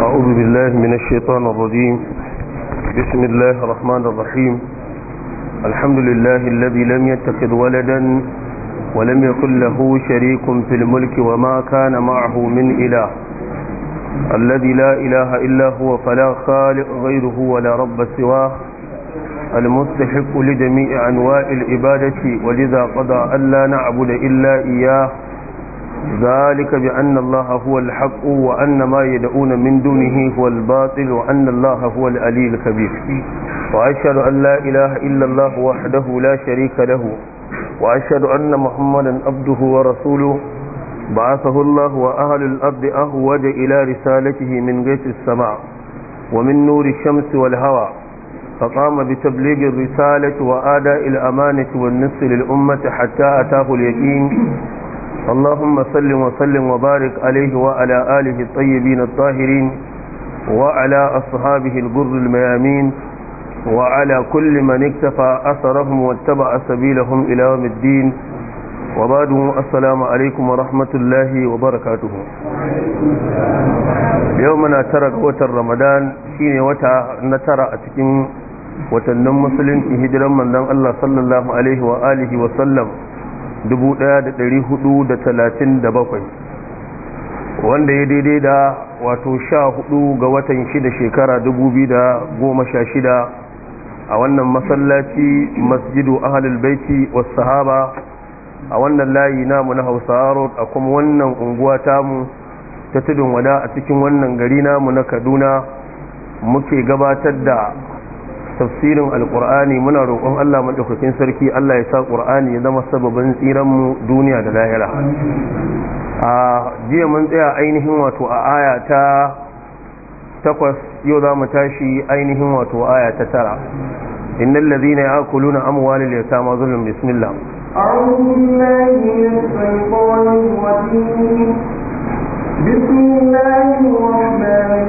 أعوذ بالله من الشيطان الرجيم بسم الله الرحمن الرحيم الحمد لله الذي لم يتخذ ولدا ولم يكن له شريك في الملك وما كان معه من إله الذي لا إله إلا هو فلا خالق غيره ولا رب سواه المستحق لجميع أنواع العبادة ولذا قضى ألا نعبد إلا إياه ذلك بأن الله هو الحق وأن ما يدعون من دونه هو الباطل وأن الله هو الألي الكبير وأشهد أن لا إله إلا الله وحده لا شريك له وأشهد أن محمدا عبده ورسوله بعثه الله وأهل الأرض أهوج إلى رسالته من غيث السماء ومن نور الشمس والهواء فقام بتبليغ الرسالة وآداء الأمانة والنصر للأمة حتى أتاه اليقين اللهم صل وسلم وبارك عليه وعلى آله الطيبين الطاهرين وعلى أصحابه الغر الميامين وعلى كل من اكتفى أثرهم واتبع سبيلهم إلى يوم الدين وبعد السلام عليكم ورحمة الله وبركاته يومنا ترى قوة رمضان حين وتا نترى أتكين watannin musulunci hijiran manzon Allah sallallahu alaihi wa alihi wa sallam bakwai, wanda ya daidai da wato sha 14 ga watan shida shekara sha shida, a wannan masallaci masjidu ahlul baiti was sahaba a wannan layi namu na Hausawa road a kuma wannan unguwa tamu ta tudun wada a cikin wannan gari namu na Kaduna muke gabatar da tafsirin alkur'ani muna roƙon Allah maɗaukakin sarki Allah ya sa ƙur'ani ya zama sababin tsiranmu duniya da lahira a jiya mun tsaya ainihin wato a aya ta takwas yau za mu tashi ainihin wato aya ta tara innal ladhina ya'kuluna amwalal yatama zulmun bismillah أعوذ بالله من الشيطان الرجيم بسم الله الرحمن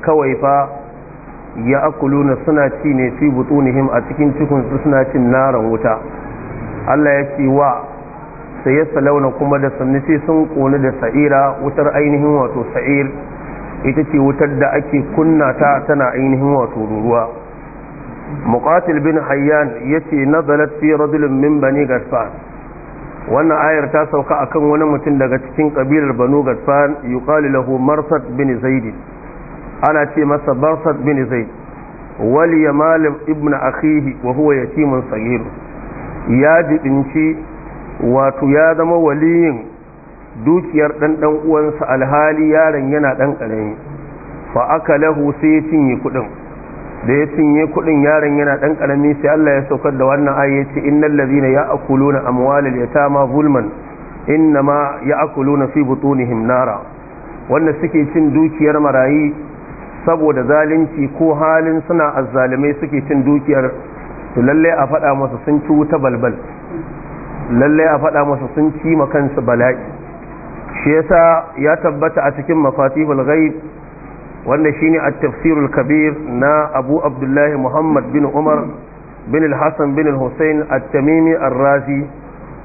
kawai fa ya akuluna suna ci ne fi butunihim a cikin cikinsu suna cin naran wuta Allah ya ce wa sai ya salauna kuma da sannu sai sun ƙone da sa'ira wutar ainihin wato sa'ir ita ce wutar da ake kunna ta tana ainihin wato ruruwa muqatil bin hayyan yace nazalat fi rajulin min bani gasfan wannan ayar ta sauka akan wani mutum daga cikin kabilar banu gasfan yuqalu lahu marsad bin Zaidi. ana ce masa barsad bin zaid wali yamal ibn akhihi wa huwa yatimun sagir ya jibinci wato ya zama waliyin dukiyar dan dan uwansa alhali yaron yana dan karami fa akalahu sai ya cinye kudin da ya cinye kudin yaron yana dan karami sai Allah ya saukar da wannan aya yace innal ladina ya'kuluna amwalal yatama zulman inma ya'kuluna fi butunihim nara wanda suke cin dukiyar marayi saboda zalunci ko halin suna azzalumai suke cin dukiyar to lallai a faɗa masa sun ci wuta balbal lallai a faɗa masa sun ci kansu bala'i shi yasa ya tabbata a cikin mafatihul ghaib wanda shine at-tafsirul kabir na Abu Abdullahi Muhammad bin Umar bin al-Hasan bin al-Husayn at-Tamimi ar-Razi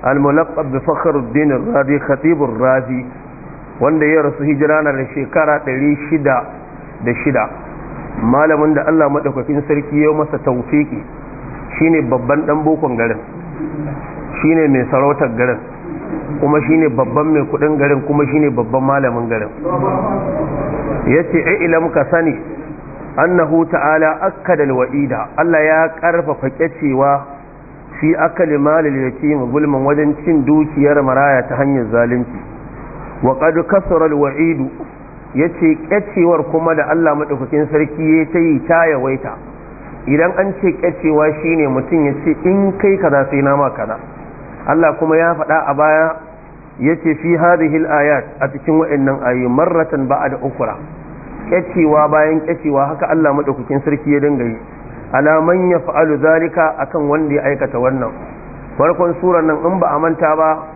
al-mulaqab bi Fakhruddin ar-Razi khatib ar-Razi wanda ya rasu hijira na shekara 600 da shida malamin da Allah maɗaukakin sarki ya masa taufiki shine babban ɗan bokon garin shine mai sarautar garin kuma shine babban mai kudin garin kuma shine babban malamin garin yace ai ilam ka sani annahu ta'ala akkada alwa'ida Allah ya karfafa kyacewa fi akali malil yatim gulman wajen cin dukiyar maraya ta hanyar zalunci wa qad kasara alwa'idu ya ce kyacewar kuma da Allah maɗaukakin sarki ya ta yi ta yawaita idan an ce ƙyacewa shi ne mutum ya ce in kai kaza sai na ma kaza Allah kuma ya faɗa a baya ya ce fi hadhihi ayat a cikin wa'annan ayi marratan da ukura ƙyacewa bayan ƙyacewa haka Allah maɗaukakin sarki ya dinga yi alaman ya fa'alu zalika akan wanda ya aikata wannan farkon surar nan in ba a manta ba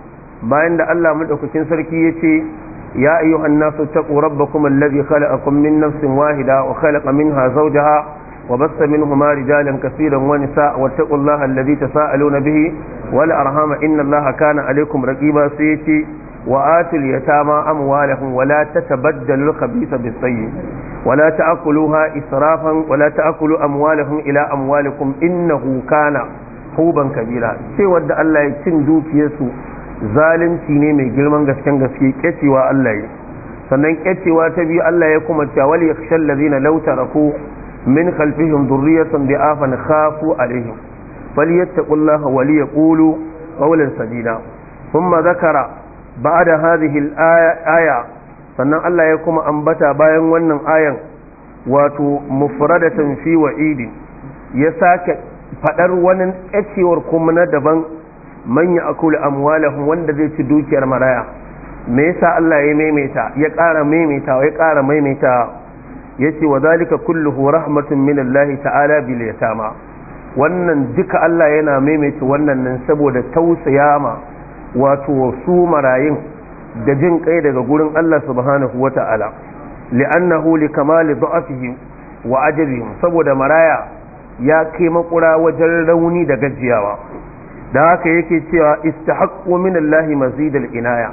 bayan da Allah maɗaukakin sarki ya ce يا أيها الناس اتقوا ربكم الذي خلقكم من نفس واحدة وخلق منها زوجها وبث منهما رجالا كثيرا ونساء واتقوا الله الذي تساءلون به والأرحام إن الله كان عليكم رقيبا سيتي وآتوا اليتامى أموالهم ولا تتبدلوا الخبيث بالطيب ولا تأكلوها إسرافا ولا تأكلوا أموالهم إلى أموالكم إنه كان حوبا كبيرا سوى الله يتندوك يسوع zalunci ne mai girman gasken gaske kyacewa Allah ya sannan kyacewa ta biyu Allah ya kuma cewa wal yakhshal ladina law taraku min khalfihim dhurriyatan bi'afan khafu alaihim falyattaqullaha wa liyaqulu qawlan sadida thumma dhakara ba'da hadhihi al-aya sannan Allah ya kuma ambata bayan wannan ayan wato mufradatan fi wa'idi ya sake fadar wani kyacewar kuma na daban man ya akulu amwalahum wanda zai ci dukiyar maraya me yasa Allah ya maimaita ya ƙara maimaita ya ƙara maimaita yace wa zalika kulluhu rahmatun min Allah ta'ala bil yatama wannan duka Allah yana maimaita wannan nan saboda tausayama wato su marayin da jin kai daga gurin Allah subhanahu wata'ala li'annahu likamali da'afihi wa ajrihim saboda maraya ya kai makura wajen rauni da gajiyawa da haka yake cewa istahaqqu min Allah inaya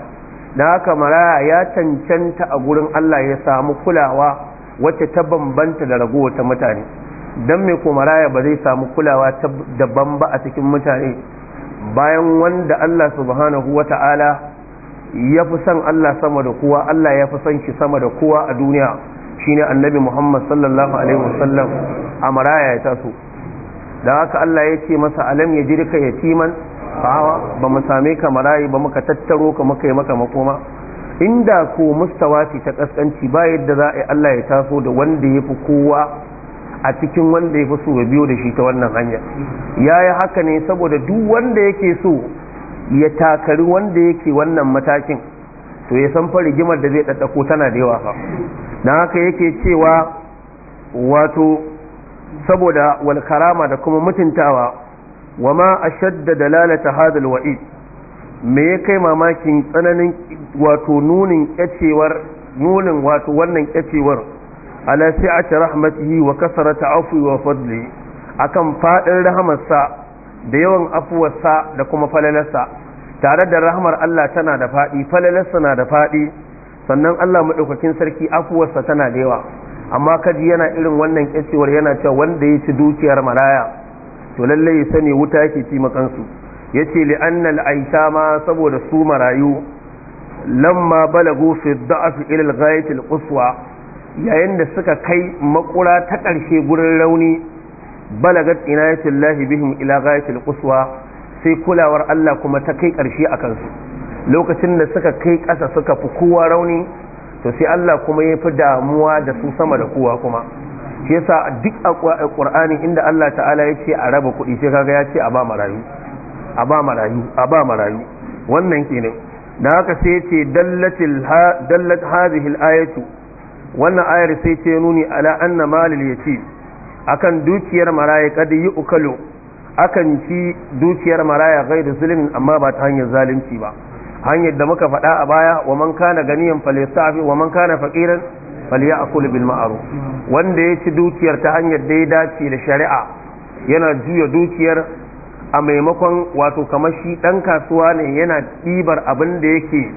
da haka maraya ya cancanta a gurin Allah ya samu kulawa wacce ta bambanta da ragowar ta mutane dan me ko maraya ba zai samu kulawa ta daban ba a cikin mutane bayan wanda Allah subhanahu wata'ala ya fi son Allah sama da kowa Allah ya fi son shi sama da kowa a duniya shine annabi Muhammad sallallahu alaihi wasallam a maraya ya taso da haka Allah ya ce masa alam ya jirka yatiman fawa ba mu same ka marayi ba muka tattaro ka muka yi maka makoma inda ko mustawaci ta kaskanci ba yadda za a yi Allah ya taso da wanda ya fi kowa a cikin wanda ya fi so ya biyo da shi ta wannan hanya ya yi haka ne saboda duk wanda yake so ya takari wanda yake wannan matakin to ya san fa rigimar da zai ɗaɗɗako tana da yawa fa don haka yake cewa wato saboda wal karama da kuma mutuntawa wa ma ashadda dalalata hadal wa'id me ya kai mamakin tsananin wato nunin kyacewar nunin wato wannan kyacewar ala si'ati rahmatihi wa kasrata afwi wa fadli akan fadin rahmarsa da yawan afuwarsa da kuma falalarsa tare da rahmar Allah tana da fadi falalarsa na da fadi sannan Allah madaukakin sarki afuwarsa tana da yawa amma kaji yana irin wannan kyacewar yana cewa wanda ya ci dukiyar maraya to lallai ya sani wuta yake ci makansu ya ce li'annal aita ma saboda su marayu lamma balagu fi da'af ila al al quswa yayin da suka kai makura ta karshe gurin rauni balagat inayatul lahi bihim ila al quswa sai kulawar Allah kuma ta kai karshe a kansu lokacin da suka kai kasa suka fi kowa rauni to sai Allah kuma ya fi damuwa da su sama da kowa kuma shi yasa duk a Qur'ani inda Allah ta'ala ya ce a raba kuɗi sai kaga ya ce a ba marayu a ba marayu a ba marayu wannan kenan dan haka sai yace dallatil dallat hadhihi al-ayatu wannan ayar sai ce nuni ala anna malil yati akan dukiyar maraya kad yi akan ci dukiyar maraya ghairu zulmin amma ba ta hanyar zalunci ba hanyar da muka faɗa a baya wa man kana ganiyan falyastafi wa man kana faqiran falyakul bil ma'ruf wanda ya ci dukiyar ta hanyar da ya dace da shari'a yana juya dukiyar a maimakon wato kamar shi dan kasuwa ne yana ɗibar abin da yake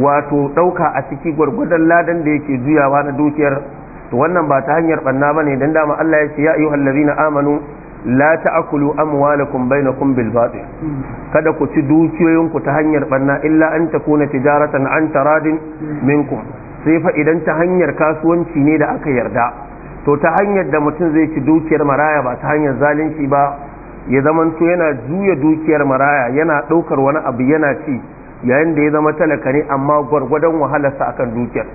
wato ɗauka a ciki gwargwadon ladan da yake juyawa na dukiyar to wannan ba ta hanyar banna bane dan dama Allah ya ce ya ayyuhallazina amanu la ta'kulu amwalakum bainakum bil batil kada ku ci dukiyoyinku ta hanyar banna illa an takuna tijaratan an taradin minkum sai fa idan ta hanyar kasuwanci ne da aka yarda to ta hanyar da mutum zai ci dukiyar maraya ba ta hanyar zalunci ba ya zamanto yana juya dukiyar maraya yana ɗaukar wani abu yana ci yayin da ya zama talaka ne amma gwargwadon wahalarsa akan dukiyar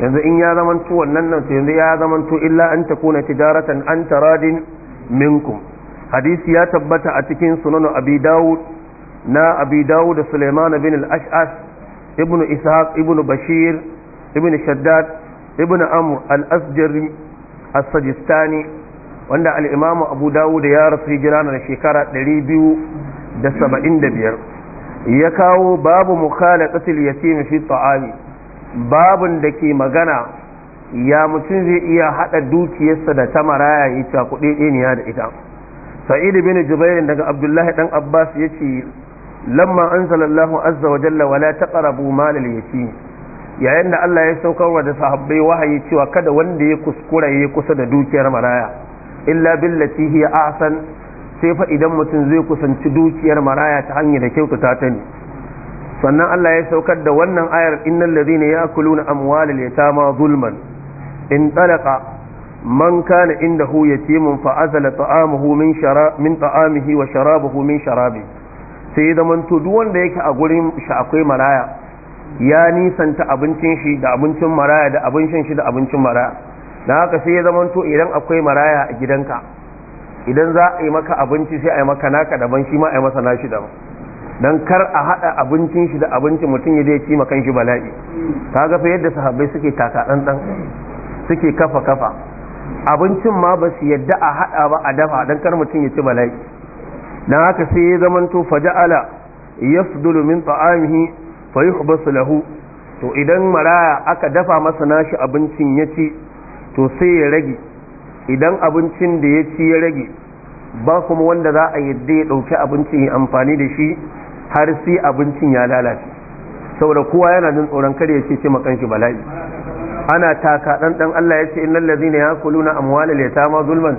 yanzu in ya zamanto wannan nan yanzu ya zamanto illa an takuna tijaratan an taradin minkum hadisi ya tabbata a cikin sunan abi dawud na abi dawud da suleiman bin al-ash'as ibn ishaq ibn bashir ibn shaddad ibn amr al-asjari as-sajistani wanda al-imam abu dawud ya rasu hijira na shekara 275 ya kawo babu mukhalaqatil yatim fi ta'ami babun da ke magana ya mutum zai iya hada dukiyarsa da ta maraya ya ci kuɗi ya da ita sa'id bin jubair daga abdullahi dan abbas yace lamma anzalallahu azza wa jalla wala taqrabu mal al yatim yayin da Allah ya wa da sahabbai wahayi cewa kada wanda ya kuskura ya kusa da dukiyar maraya illa billati hiya ahsan sai fa idan mutum zai kusanci dukiyar maraya ta hanyar da kyautata ta ne sannan Allah ya saukar da wannan ayar innal ladhina ya'kuluna amwalal yatama zulman in talaqa من كان عنده يتيم fa طعامه من min shara min وشرابه من شرابه min sharabi sai zaman to duk wanda yake a gurin shi akwai maraya ya nisanta abincin shi da abincin maraya da abincin shi da abincin maraya dan haka sai zaman to idan akwai maraya a gidanka idan za a yi maka abinci sai a yi maka naka daban shi ma a yi masa nashi daban dan kar a hada abincin shi da abincin mutum ya je ci kan shi bala'i kaga fa yadda sahabbai suke taka dan dan suke kafa kafa abincin ma ba su yadda a haɗa ba a dafa don kar mutum ya ci bala'i dan haka sai ya zamanto faja'ala yafdulu min ta'amihi fa yuhbasu lahu to idan maraya aka dafa masa nashi abincin ya ci to sai ya rage idan abincin da ya ci ya rage ba kuma wanda za a yadda ya ɗauki abincin ya amfani da shi har sai abincin ya lalace saboda kowa yana jin tsoron kar ya ce ce makanki shi bala'i ana taka ɗanɗan Allah ya ce innal ladhina yakuluna amwalal yatama zulman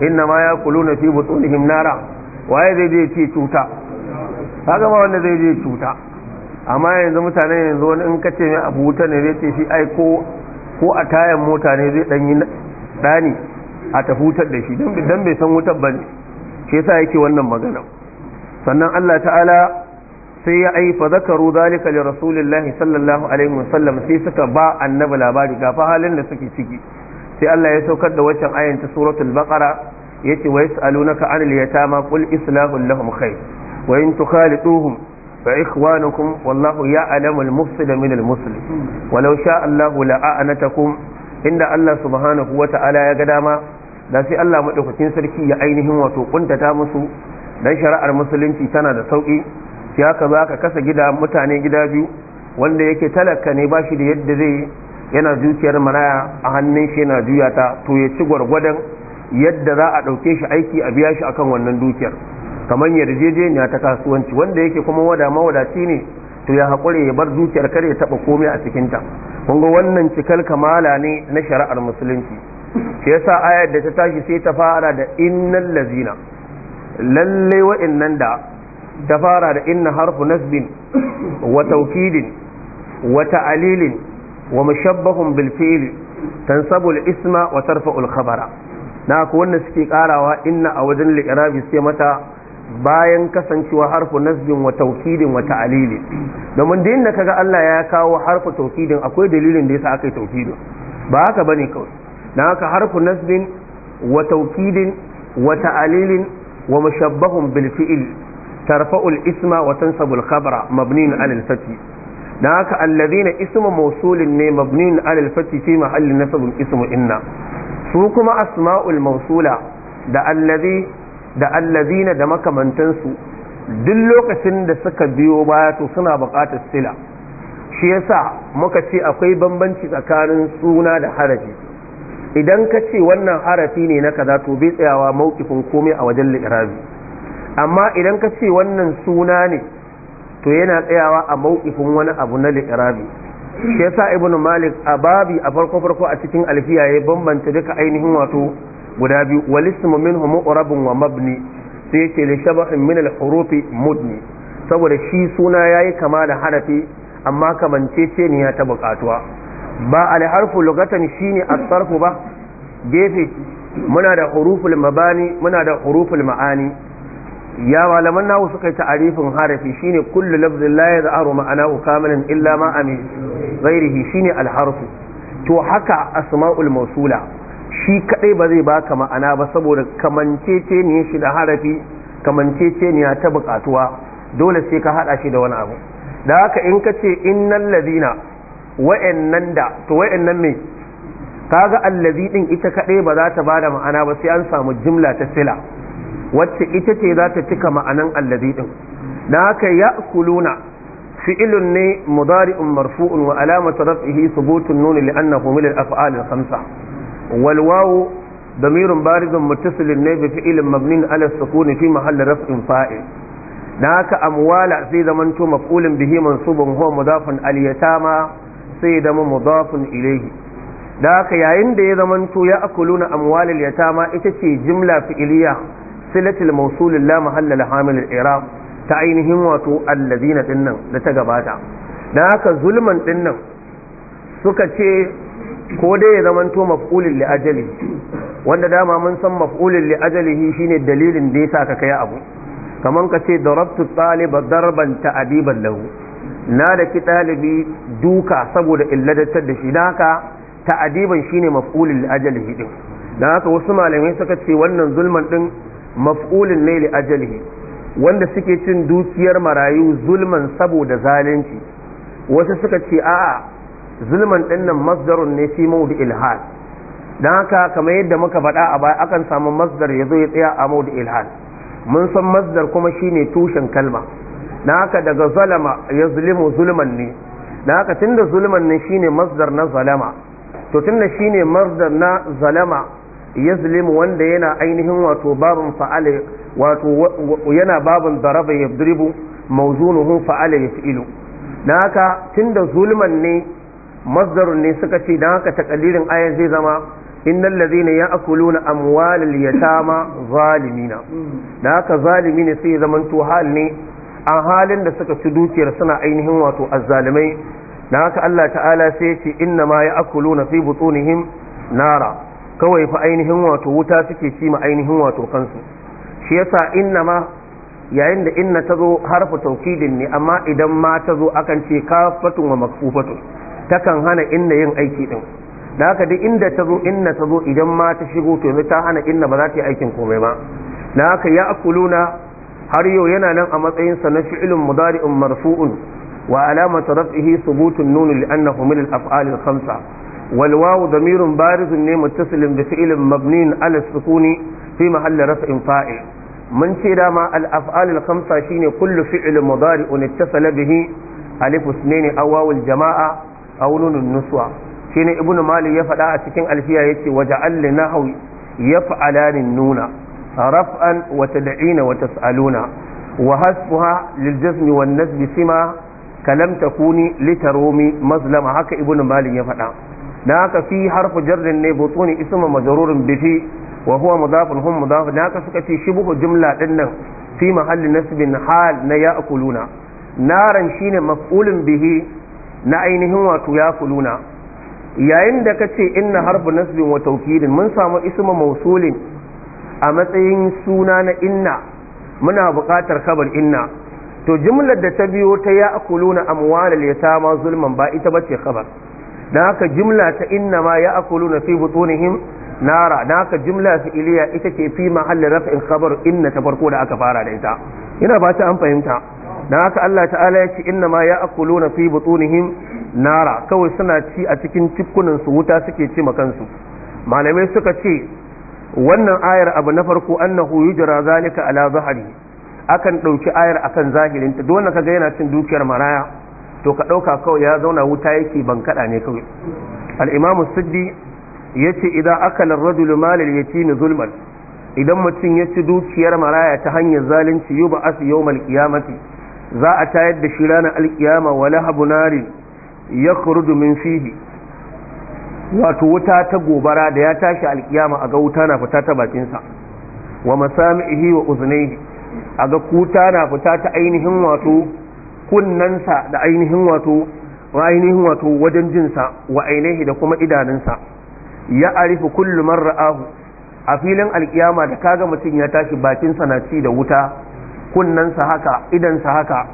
inna ma yakuluna fi butunihim nara waye zai je ce cuta kaga gama wanda zai je cuta amma yanzu mutane yanzu wani in kace mai abu wuta ne zai ce shi ai ko ko a tayan mota ne zai dan yi dani a tafutar da shi dan bai san wutar ba bane shi yasa yake wannan magana sannan Allah ta'ala sai ya ai zakaru zalika li rasulillahi sallallahu alaihi wasallam sai suka ba annabi labari ga halin da suke ciki sai Allah ya saukar da waccan ayan ta suratul baqara yace wa yasalunaka anil yatama qul islahu lahum khair wa in tukhalituhum fa ikhwanukum wallahu ya'lamu al mufsida min al muslim walau sha Allahu la'anatakum inda Allah subhanahu wa ta'ala ya ga dama da sai Allah madaukakin sarki ya ainihin wato kuntata musu dan shari'ar musulunci tana da sauki ya ka za ka kasa gida mutane gida biyu wanda yake talaka ne ba shi da yadda zai yana zuciyar maraya a hannun shi yana juya ta to ya ci gwargwadon yadda za a ɗauke shi aiki a biya shi akan wannan dukiyar kamar yarjejeniya ta kasuwanci wanda yake kuma wada mawadaci ne to ya haƙure ya bar dukiyar kar ya taɓa komai a cikinta kun ga wannan cikar kamala ne na shari'ar musulunci shi yasa ayar da ta tashi sai ta fara da innal lazina lalle wa'annan da ta fara da inna harfu nasbin wa taukidin wa ta'alilin wa mushabbahun bil fi'li tansabu isma wa tarfa'u al khabara na ku wannan suke karawa inna a wajen liqrabi sai mata bayan kasancewa harfu nasbin wa taukidin wa ta'alilin domin da inda kaga Allah ya kawo harfu taukidin akwai dalilin da yasa aka yi taukidin ba haka bane kawai na haka harfu nasbin wa taukidin wa ta'alilin wa mushabbahun bil tarfa'ul isma wa tansabul khabara mabnin alal fati dan haka alladhina ismu mawsulin ne mabnin alal fati fi na nasabun ismu inna su kuma asma'ul Mausula da alladhi da alladhina da makamantansu duk lokacin da suka biyo baya to suna buƙatar sila shi yasa muka ce akwai bambanci tsakanin suna da harafi idan ka ce wannan harafi ne na kaza to bai tsayawa mawkifin komai a wajen li'irabi amma idan ka ce wannan suna ne to yana tsayawa a mau'ifin wani abu na li'irabi shi yasa ibn malik a babi a farko farko a cikin alfiya ya bambanta duka ainihin wato guda biyu wal ismu minhu mu'rabun wa mabni sai yace li shabahin min al mudni saboda shi suna ya yi kama da harafi amma kamancece ne ya ta bukatuwa ba al harfu lugatan shine as-sarfu ba gefe muna da huruful mabani muna da huruful ma'ani ya malaman nahu suka yi ta'arifin harafi shine kullu lafzin la ma'ana ma'anahu kamilan illa ma ami ghairihi shine al-harfu to haka asma'ul mawsula shi kadai ba zai baka ma'ana ba saboda kamancece ne shi da harafi kamancece ne ta bukatuwa dole sai ka hada shi da wani abu da haka in ka ce innal ladina wa'annan da to wa'annan me kaga allazi din ita kadai ba za ta bada ma'ana ba sai an samu jimla ta sila wacce ita ce za ta cika ma'anan allazi din dan haka ya'kuluna fi'ilun ne mudari'un marfu'un wa alamatu raf'ihi thubutun nun li'annahu min al-af'al al-khamsa wal wawu damirun barizun muttasilin ne bi fi'ilin mabnin ala sukuni fi mahalli raf'in fa'il dan haka amwala sai zamanto maf'ulun bihi mansubun huwa mudafun al-yatama sai zama mudafun ilayhi da haka yayin da ya zamanto ya akuluna amwalil yatama ita ce jimla fi'iliya silatul mausulilla la mahalla la hamil ta ainihin wato allazina ɗinnan da ta gabata dan haka zulman dinnan suka ce ko dai ya zamanto maf'ulin li ajali wanda dama mun san maf'ulin li ajalihi shine dalilin da yasa ka kai abu kaman ka ce darabtu taliba darban ta'diban lahu na da ki ɗalibi duka saboda illadatar da shi haka ta'adiban shine maf'ulin ajali din dan haka wasu malamai suka ce wannan zulman din maf'ulin ne li ajalihi wanda suke cin dukiyar marayu zulman saboda zalunci wasu suka ce a'a zulman dinnan masdarun ne fi mawdi ilhad dan haka kamar yadda muka faɗa a baya akan samu masdar ya zo ya tsaya a mawdi ilhad mun san masdar kuma shine tushen kalma dan haka daga zalama ya zulimu zulman ne dan haka tunda zulman ne shine masdar na zalama to tunda shine masdar na zalama yazlimu wanda yana ainihin wato babun fa'ala wato yana babun daraba yadribu mawzunuhu fa'ala yaf'ilu dan haka tunda zulman ne masdarun ne suka ce dan haka takalirin Aya zai zama innal ladhina ya'kuluna amwalal yatama zalimina dan haka zalimi ne sai zaman to hal ne a halin da suka ci dukiyar suna ainihin wato azzalimai dan haka Allah ta'ala sai ya ce inna ma ya'kuluna fi butunihim nara kawai fa ainihin wato wuta suke ci ma ainihin wato kansu shi yasa inna ma yayin da inna ta zo harfa taukidin ne amma idan ma ta zo akan ce kafatun wa makfufatun takan hana inna yin aiki din da haka duk inda ta zo inna ta zo idan ma ta shigo to yanzu ta hana inna ba za ta yi aikin komai ba da haka ya akuluna har yau yana nan a matsayin sa na fi'ilun mudari'un marfu'un wa alamatu raf'ihi thubutun nun li annahu min al-af'al al-khamsa والواو ضمير بارز متصل بفعل مبني على السكون في محل رفع فاعل من شيدا ما الافعال الخمسه شين كل فعل مضارع اتصل به الف اثنين او واو الجماعه او نون النسوه شين ابن مالي يفدا a cikin alfiya yace waja'al li nahwi yaf'alan nuna raf'an wata tad'ina wa tas'aluna wa hasbuha lil jazm wan nasb sima kalam takuni litaromi haka ibnu malik ya faɗa Naka fi harfu jarrin ne butuni ismu majrurun bihi wa huwa mudafun hum mudaf da suka ce shibhu jumla din nan fi mahalli nasbin hal na ya'kuluna naran shine maf'ulun bihi na ainihin wato ya'kuluna yayin da kace inna harfu nasbin wa tawkidin mun samu ismu mausulin a matsayin suna na inna muna buƙatar kabar inna to jumlar da ta biyo ta ya'kuluna amwalal yatama zulman ba ita bace khabar Na haka jimla ta inna ma ya akulu na fi butunihim nara Na haka jumla fi'iliya ita ke fi mahallin raf'in khabar inna ta farko da aka fara da ita ina ba ta an fahimta Na haka Allah ta'ala ya ce inna ma ya akulu na fi butunihim nara kawai suna ci a cikin cikkunan wuta suke ci ma kansu malamai suka ce wannan ayar abu na farko annahu yujra zalika ala zahari akan dauki ayar akan zahirinta dole kaga yana cin dukiyar maraya to ka ɗauka kawai ya zauna wuta yake ban kaɗa ne kawai al'imamu siddi ya ce idan aka rajulu malil ya ci zulman idan mutum ya ci dukiyar maraya ta hanyar zalunci yuba ba asu yau malkiyamati za a tayar da shi ranar alkiyama wa habu narin ya min fihi wato wuta ta gobara da ya tashi alkiyama a ga wuta na fita ta bakinsa wa masami'ihi wa uznaihi a ga kuta na fita ta ainihin wato kunnansa da ainihin wato ainihin wato wajen jinsa wa ainihi da kuma idanunsa ya arifu kullu man ra'ahu a filin alkiyama da kaga mutum ya tashi bakin sa na ci da wuta kunnansa haka idansa haka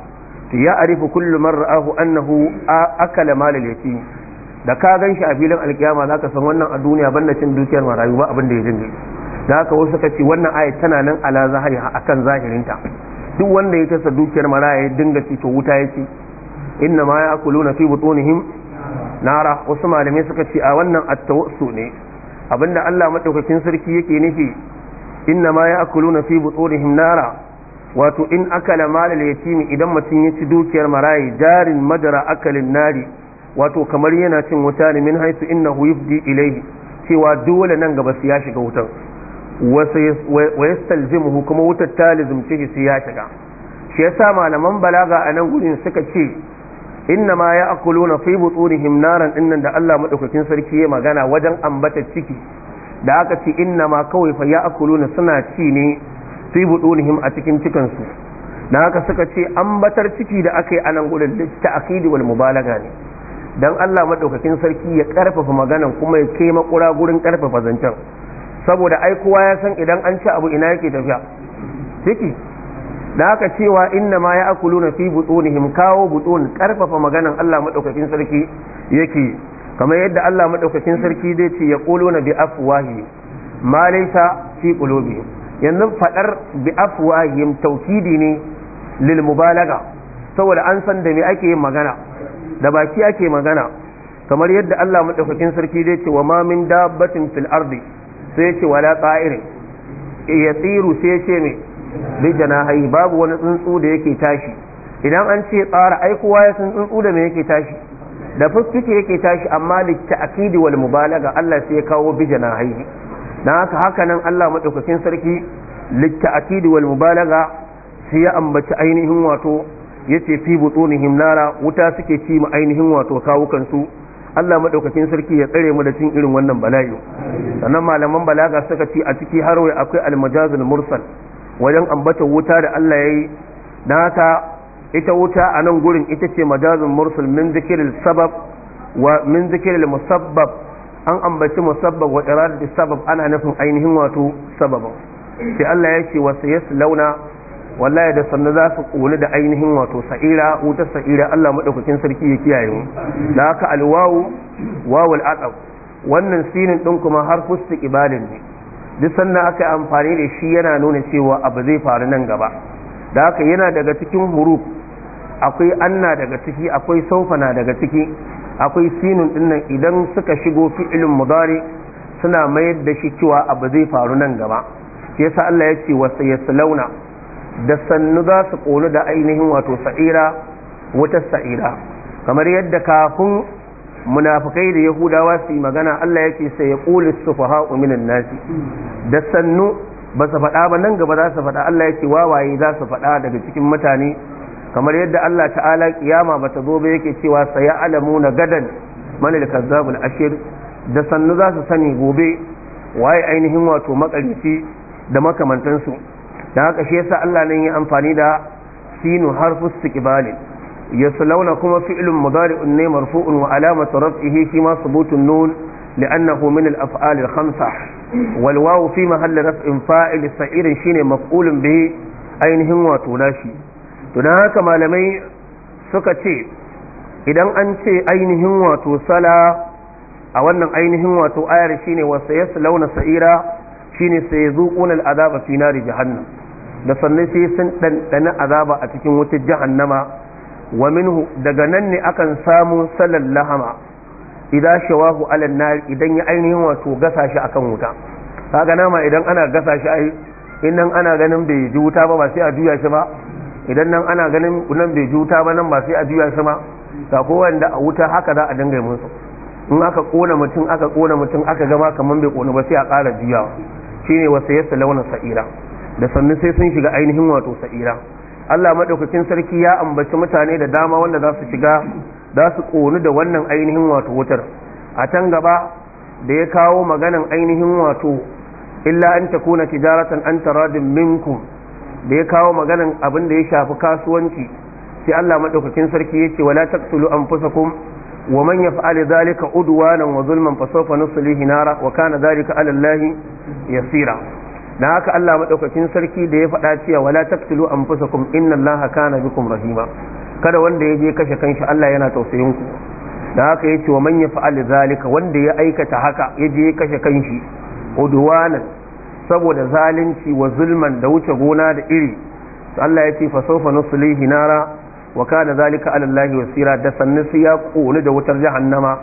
ya arifu kullu man ra'ahu annahu akala malal yatim da ka gan shi a filin alkiyama zaka san wannan a duniya banda cin dukiyar marayu ba abin da ya dinga da haka wasu suka ce wannan ayat tana nan ala zahiri akan zahirinta duk wanda ya tasa dukiyar maraya ya dinga ci to wuta ya ci inna ma ya'kuluna fi butunihim nara wasu malamai suka ce a wannan attawassu ne abinda Allah madaukakin sarki yake nufi inna ma ya'kuluna fi butunihim nara wato in akala malal yatimi idan mutum ya ci dukiyar maraya jarin madara akalin nari wato kamar yana cin wuta ne min haisu innahu yufdi ilayhi cewa dole nan gaba su ya shiga wutan wa yastalzimuhu kuma wutar talizum lizumce shi sai ya shiga shi yasa malaman balaga a nan gurin suka ce inna ma ya akuluna fi butunihim naran dinnan da Allah madaukakin sarki ya magana wajen ambatar ciki da aka ce inna ma kawai fa ya akuluna suna ci ne fi butunihim a cikin cikin su da haka suka ce ambatar ciki da aka yi a nan gurin da akidi wal mubalaga ne dan Allah madaukakin sarki ya karfafa maganan kuma ya kai makura gurin karfafa zancen saboda ai kowa ya san idan an ci abu ina yake tafiya ciki da haka cewa inna ma ya akulu na fi butunihim kawo butun karfafa maganan Allah madaukakin sarki yake kamar yadda Allah madaukakin sarki zai ce ya kulo na bi afwahi ma laysa fi qulubi yanzu fadar bi afwahim tawkidi ne lil mubalaga saboda an san da me ake yin magana da baki ake magana kamar yadda Allah madaukakin sarki zai ce wa ma min dabbatin fil ardi sai ce wala qa'irin eh, ya tsiru sai ce me bi janahi babu wani tsuntsu da yake tashi idan an ce tsara ai kowa ya san tsuntsu da me yake tashi da fuskike yake tashi amma da ta'kidi wal mubalaga Allah sai ya kawo bi janahi dan haka haka nan Allah madaukakin sarki litta'kidi wal mubalaga sai ya ambaci ainihin wato yace fi butunihim nara wuta suke ci ma ainihin wato kawukan su Allah madaukakin sarki ya tsare mu da cin irin wannan bala'i sannan malaman balaga suka ce a ciki har wai akwai almajazul mursal wajen ambata wuta da Allah yayi dan haka ita wuta a nan gurin ita ce majazul mursal min zikril sabab wa min zikril musabbab an ambaci musabbab wa iradatu sabab ana nufin ainihin wato sababin sai Allah ya ce wasu launa. wallahi da sannu za su ƙone da ainihin wato sa'ira wutar sa'ira Allah maɗaukakin sarki ya kiyaye mu da haka alwawu wawul atsab wannan sinin ɗin kuma har fusti ibalin ne duk sanna aka amfani da shi yana nuna cewa abu zai faru nan gaba da haka yana daga cikin huruf akwai anna daga ciki akwai saufana daga ciki akwai sinin ɗinnan nan idan suka shigo fi'ilin mudari suna mayar da shi cewa abu zai faru nan gaba shi yasa Allah ya ce wa launa. da sannu za su kolu da ainihin wato sa'ira wata sa'ira kamar yadda kafin munafukai da yahudawa su yi magana Allah yake sai ya su fa sufaha'u minan nasi da sannu ba su faɗa ba nan gaba za su faɗa Allah yake wawaye za su faɗa daga cikin mutane kamar yadda Allah ta'ala kiyama ta zo ba yake cewa saya alamu na gadan mana al-kazzabul ashir da sannu za su sani gobe waye ainihin wato makarici da makamantansu da haka shi yasa Allah nan ya amfani da sinu harfu istiqbalin launa kuma fi'lun mudari'un ne marfu'un wa alamatu raf'ihi fi ma thubutun nun لأنه من الأفعال الخمسة والواو في محل رفع فاعل سائر شين مفعول به ainihin wato nashi to haka malamai suka ce idan an ce ainihin wato sala a wannan ainihin wato ayar shine wasu yasu launa sa'ira shine sai zuƙunar azaba fi nari jahannam da sannan sai sun ɗanɗani azaba a cikin wutar jahannama wa minhu daga nan ne akan samu salan lahama idan shawahu ala nar idan ya ainihin wato gasa shi akan wuta kaga nama idan ana gasa shi ai in nan ana ganin bai ji wuta ba ba sai a juya shi ba idan nan ana ganin nan bai ji wuta ba nan ba sai a juya shi ba ga kowanda a wuta haka za a dinga yi musu in aka kona mutum aka kona mutum aka gama kamar bai kona ba sai a ƙara juyawa shine wasa yasa launa sa'ira da sannan sai sun shiga ainihin wato sa'ira Allah madaukakin sarki ya ambaci mutane da dama wanda za su shiga za su ƙoni da wannan ainihin wato wutar a can gaba da ya kawo maganan ainihin wato illa an ta kuna tijaratan an taradin minkum da ya kawo maganan abin da ya shafi kasuwanci sai Allah madaukakin sarki ya ce wala taqtulu anfusakum wa man yaf'al dhalika udwanan wa zulman fa sawfa nuslihi nara wa kana dhalika 'ala allahi yasira da haka Allah madaukakin sarki da ya faɗa cewa wala taqtulu anfusakum innallaha kana bikum rahima kada wanda ya je kashe kanshi Allah yana tausayin ku da haka yace wa man yaf'al zalika wanda ya aikata haka ya je kashe kanshi udwanan saboda zalunci wa zulman da wuce gona da iri Allah yace fa sawfa nuslihi nara wa kana zalika ala Allah wasira da sannan sai ya kone da wutar jahannama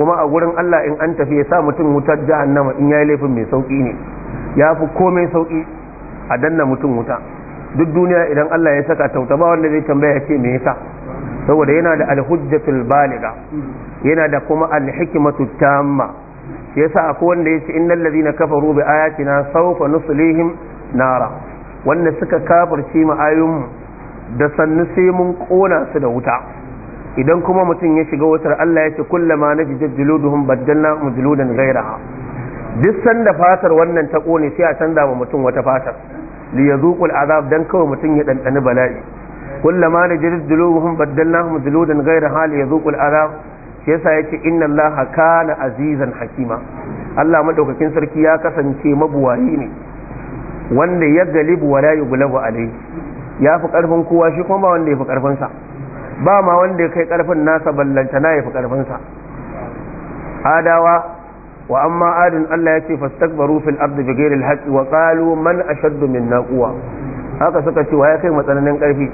kuma a gurin Allah in an tafi ya sa mutum wutar jahannama in yayi laifin mai sauki ne ya fi komai sauƙi a danna mutum wuta duk duniya idan Allah ya saka tauta ba wanda zai tambaya ya ce me yasa saboda yana da alhujjatul baliga yana da kuma alhikmatu tamma shi yasa akwai wanda yace innal ladina kafaru bi ayatina sawfa nuslihim nara wanda suka kafirce mu ayoyin da sannu sai mun kona su da wuta idan kuma mutum ya shiga wutar Allah ya ce kullama najjad juluduhum baddalna mujludan ghayraha duk sanda fatar wannan ta kone sai a canza ma mutum wata fatar li yazuqul azab dan kawai mutum ya dandani bala'i kullama najrid duluhum badalnahum duludan ghayra hali yazuqul azab shi yasa yake inna allaha kana azizan hakima Allah madaukakin sarki ya kasance mabuwayi ne wanda ya galibu wala yughlabu alayhi ya fi karfin kowa shi kuma ba wanda ya fi karfin sa ba ma wanda ya kai karfin nasa ballanta na ya fi karfin sa adawa wa amma adin Allah ya ce fastakbaru fil ardi bighairi alhaqi wa qalu man ashaddu minna quwwa haka suka ce wa ya kai tsananin karfi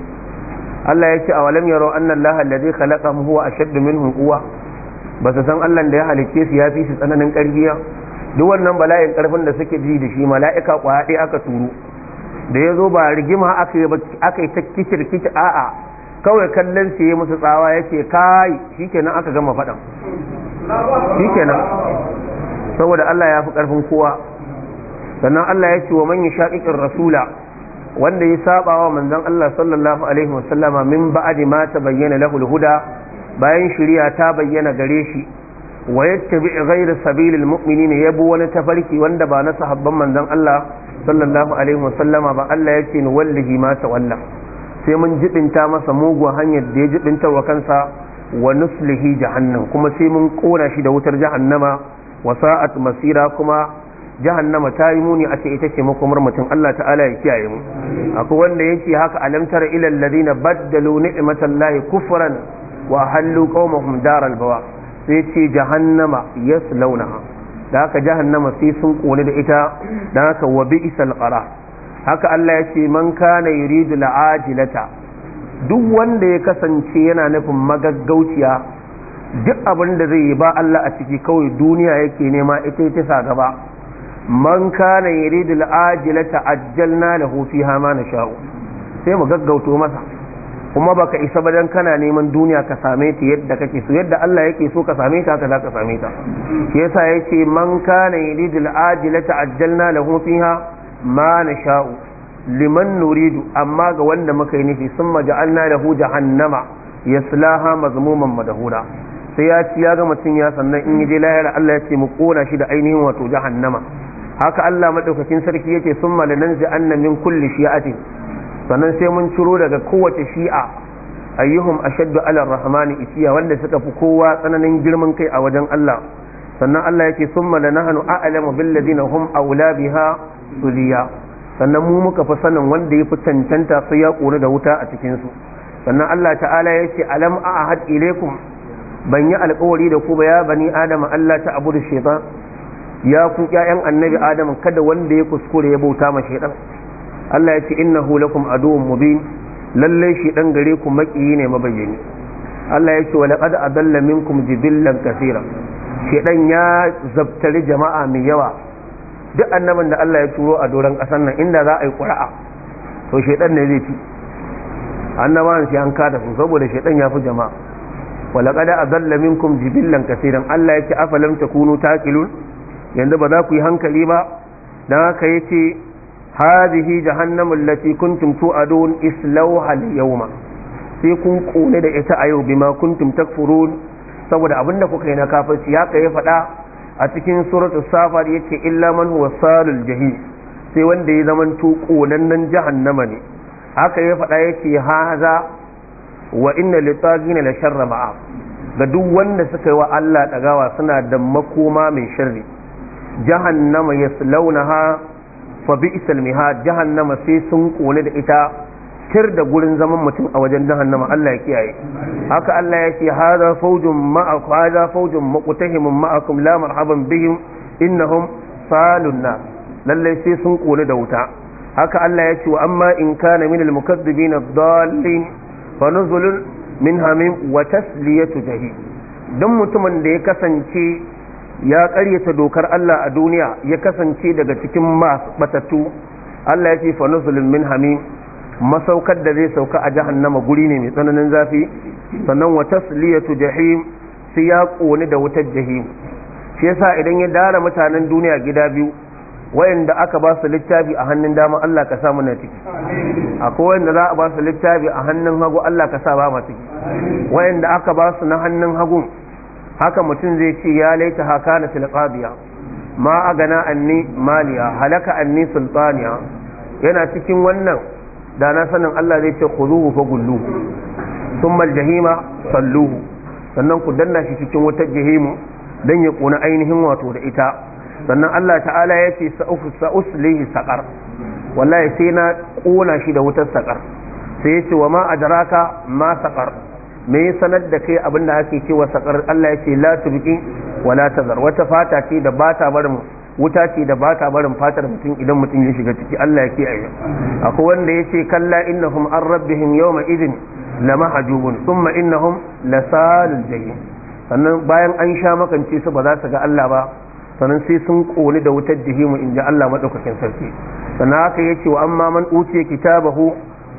Allah ya ce a walam yaro anna zai alladhi mu huwa ashaddu minhum quwwa ba su san Allah da ya halicce su ya fi su tsananin karfi duk wannan bala'in karfin da suke ji da shi mala'ika ƙwaya ɗaya aka turo da ya zo ba rigima aka yi ta kicir kicir a'a kawai kallon su yi musu tsawa ya ce kai shikenan aka gama faɗan shikenan saboda Allah ya fi ƙarfin kowa sannan Allah ya ce wa man yashaqiqir rasula wanda ya saba wa manzon Allah sallallahu alaihi wasallama min ba'di ma tabayyana bayyana al-huda bayan shirya ta bayyana gare shi wa yattabi ghayra sabilil mu'minin bi wani tafarki wanda ba na sahabban manzan Allah sallallahu alaihi wasallama ba Allah ya ce ni wallahi ma tawalla sai mun jibinta masa mugun hanyar da ya jibinta wa kansa wa nuslihi jahannam kuma sai mun kona shi da wutar jahannama wasa'at masira kuma jahannama ta yi muni a ce ita ce makomar mutum Allah ta'ala ya kiyaye mu akwai wanda yake haka alamtar ila na baddalu ni'matallahi kufran wa halu qaumahum daral bawa sai ce jahannama yaslaunaha da haka jahannama sai sun kone da ita da haka wa bi'sal qara haka Allah ya ce man kana yuridu la'ajilata duk wanda ya kasance yana nufin magaggauciya duk abin da zai yi ba Allah a ciki kawai duniya yake nema ita ita sa gaba man kana yuridul ajila ajjalna lahu fiha ma nasha'u sai mu gaggauto masa kuma baka isa ba dan kana neman duniya ka same ta yadda kake so yadda Allah yake so ka same ta haka zaka same ta shi yasa yace man kana yuridul ajila ajjalna lahu fiha ma nasha'u liman nuridu amma ga wanda muka yi nufi sun maja'alna lahu jahannama yaslaha mazmuman madahura sai ya ci ya ga mutum ya sannan in yi je lahira Allah ya ce mu kona shi da ainihin wato jahannama haka Allah madaukakin sarki yake sun nan zai annan min kulli shi'atin sannan sai mun ciro daga kowace shi'a ayyuhum ashaddu ala rahmani itiya wanda suka fi kowa tsananin girman kai a wajen Allah sannan Allah yake sun malanahanu a'lamu bil ladina hum aula biha suliya sannan mu muka fi sanin wanda ya fi cancanta sai ya kori da wuta a cikin su sannan Allah ta'ala yake alam a'had ilaikum ban yi alkawari da ku ba ya bani Adama Allah ta abu da shaitan ya ku ƴaƴan annabi adam kada wanda ya kuskure ya bauta ma shaitan Allah ya ce innahu lakum aduwwun mubin lalle shaitan gare ku makiyi ne mabayyani Allah ya ce wa laqad adalla minkum jibillan kaseera shaitan ya zabtari jama'a mai yawa duk annabin da Allah ya turo a doron ƙasar nan inda za a yi ƙura'a to shaitan ne zai ci annabawan sai an kada su saboda shaitan ya fi jama'a a ولقد أضل منكم جبلا كثيرا الله يتي أفلم تكونوا تاكلون yanzu ba za ku yi hankali ba don haka ya ce hazihi jahannamun lati kuntum tu'adun islauha yawma sai kun kone da ita a yau bima kuntum takfurun saboda abin da kuka yi na kafirci ya ya faɗa a cikin suratu safar ya ce illa man huwa salul jahim sai wanda ya zaman to konannen jahannama ne haka ya faɗa ya ce haza wa inna litagina la sharra ma'a ga duk wanda suka yi wa Allah dagawa suna da makoma mai sharri jahannama yaslaunaha fa bi'sal mihad jahannama sai sun kone da ita tir da gurin zaman mutum a wajen jahannama Allah ya kiyaye haka Allah ya ce hadha fawjun ma'akum hadha fawjun muqtahimun ma'akum la marhaban bihim innahum salunna lalle sai sun kone da wuta haka Allah ya ce wa amma in kana minal mukaththibin ad-dallin Fanuzulun min hamim wa tasliyatu jahi, dan mutumin da ya kasance ya karyata dokar Allah a duniya ya kasance daga cikin masu batatu Allah ya ce fa min hamim masaukar da zai sauka a jahannama guri ne mai tsananin zafi sannan wa tasliyatu jahim sai ya koni da wutar jahim shi yasa idan ya dara mutanen duniya gida biyu wayanda aka ba su littafi a hannun dama Allah ka sa muna ciki akwai wayanda za a ba su littafi a hannun hagu Allah ka sa ba mu ciki wayanda aka ba su na hannun hagu haka mutum zai ce ya laita haka na tilqabiya ma agana anni maliya halaka anni sultaniya yana cikin wannan da na sanin Allah zai ce khuzuhu fa gullu thumma aljahima salluhu sannan ku danna shi cikin wata jahimu dan ya kona ainihin wato da ita sannan Allah ta'ala ya ce sa'uslihi saqar wallahi sai na kona shi da wutar saƙar. sai ya ce wa ma adraka ma saƙar. me ya sanar da kai abinda ake cewa saƙar. Allah ya ce la tubqi wa la tazar wata fata ce da ba ta barin wuta ce da ba ta barin fatar mutum idan mutum ya shiga ciki Allah ya kiyaye akwai wanda ya ce kalla innahum an rabbihim yawma idin lamahjubun thumma innahum lasalul jahim sannan bayan an sha makance su ba za su ga Allah ba sannan sai sun koli da wutar jihimu in ji Allah maɗaukakin sarki sannan haka ya ce wa amma man uce kitabahu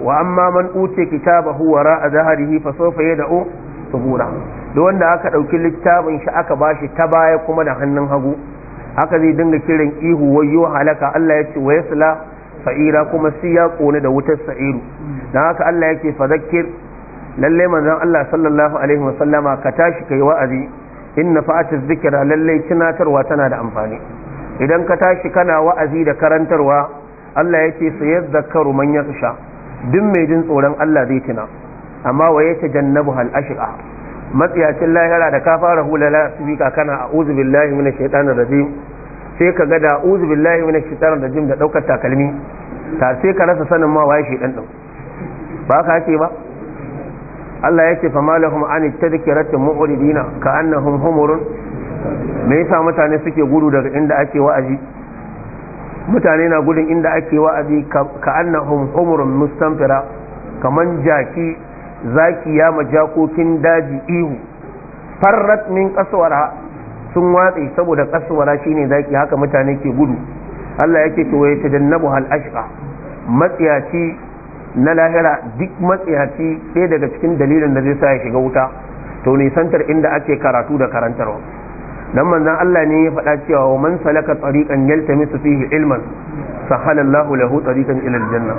wa amma man uce kitabahu wara a zaharihi fa sofa ya da'o subura da wanda aka ɗauki littafin shi aka bashi ta baya kuma da hannun hagu haka zai dinga kiran ihu wayo halaka Allah ya ce wa yasla fa'ira kuma sai ya kone da wutar sa'iru dan haka Allah fa zakir lallai manzon Allah sallallahu alaihi wasallama ka tashi kai wa'azi inna fa'atuz zikra lallai tunatarwa tana da amfani idan ka tashi kana wa'azi da karantarwa Allah ya ce sai manya man yakhsha duk mai jin tsoron Allah zai tuna amma wa yatajannabu hal ashqa matsiyacin lahira da ka fara hula lasifika kana a'udhu billahi minash shaitanir rajim sai ka ga da a'udhu billahi minash shaitanir rajim da daukar takalmi ta sai ka rasa sanin ma waye shaitan din ba ka ce ba Allah ya ce fa malahum an tadhkiratin mu'ridina ka humurun me yasa mutane suke gudu daga inda ake wa'azi mutane na gudun inda ake wa'azi ka annahum humurun mustanfira kaman jaki zaki ya majakokin daji ihu farrat min kaswara sun Watsi saboda kaswara shine zaki haka mutane ke gudu Allah yake to ya tajannabu hal ashqa matsiyaci na lahira duk matsayaci ɗaya daga cikin dalilin da zai sa ya shiga wuta to nisantar inda ake karatu da karantarwa dan manzon Allah ne ya faɗa cewa wa man salaka tariqan yaltamisu fihi ilman sahala Allahu lahu tariqan ila aljanna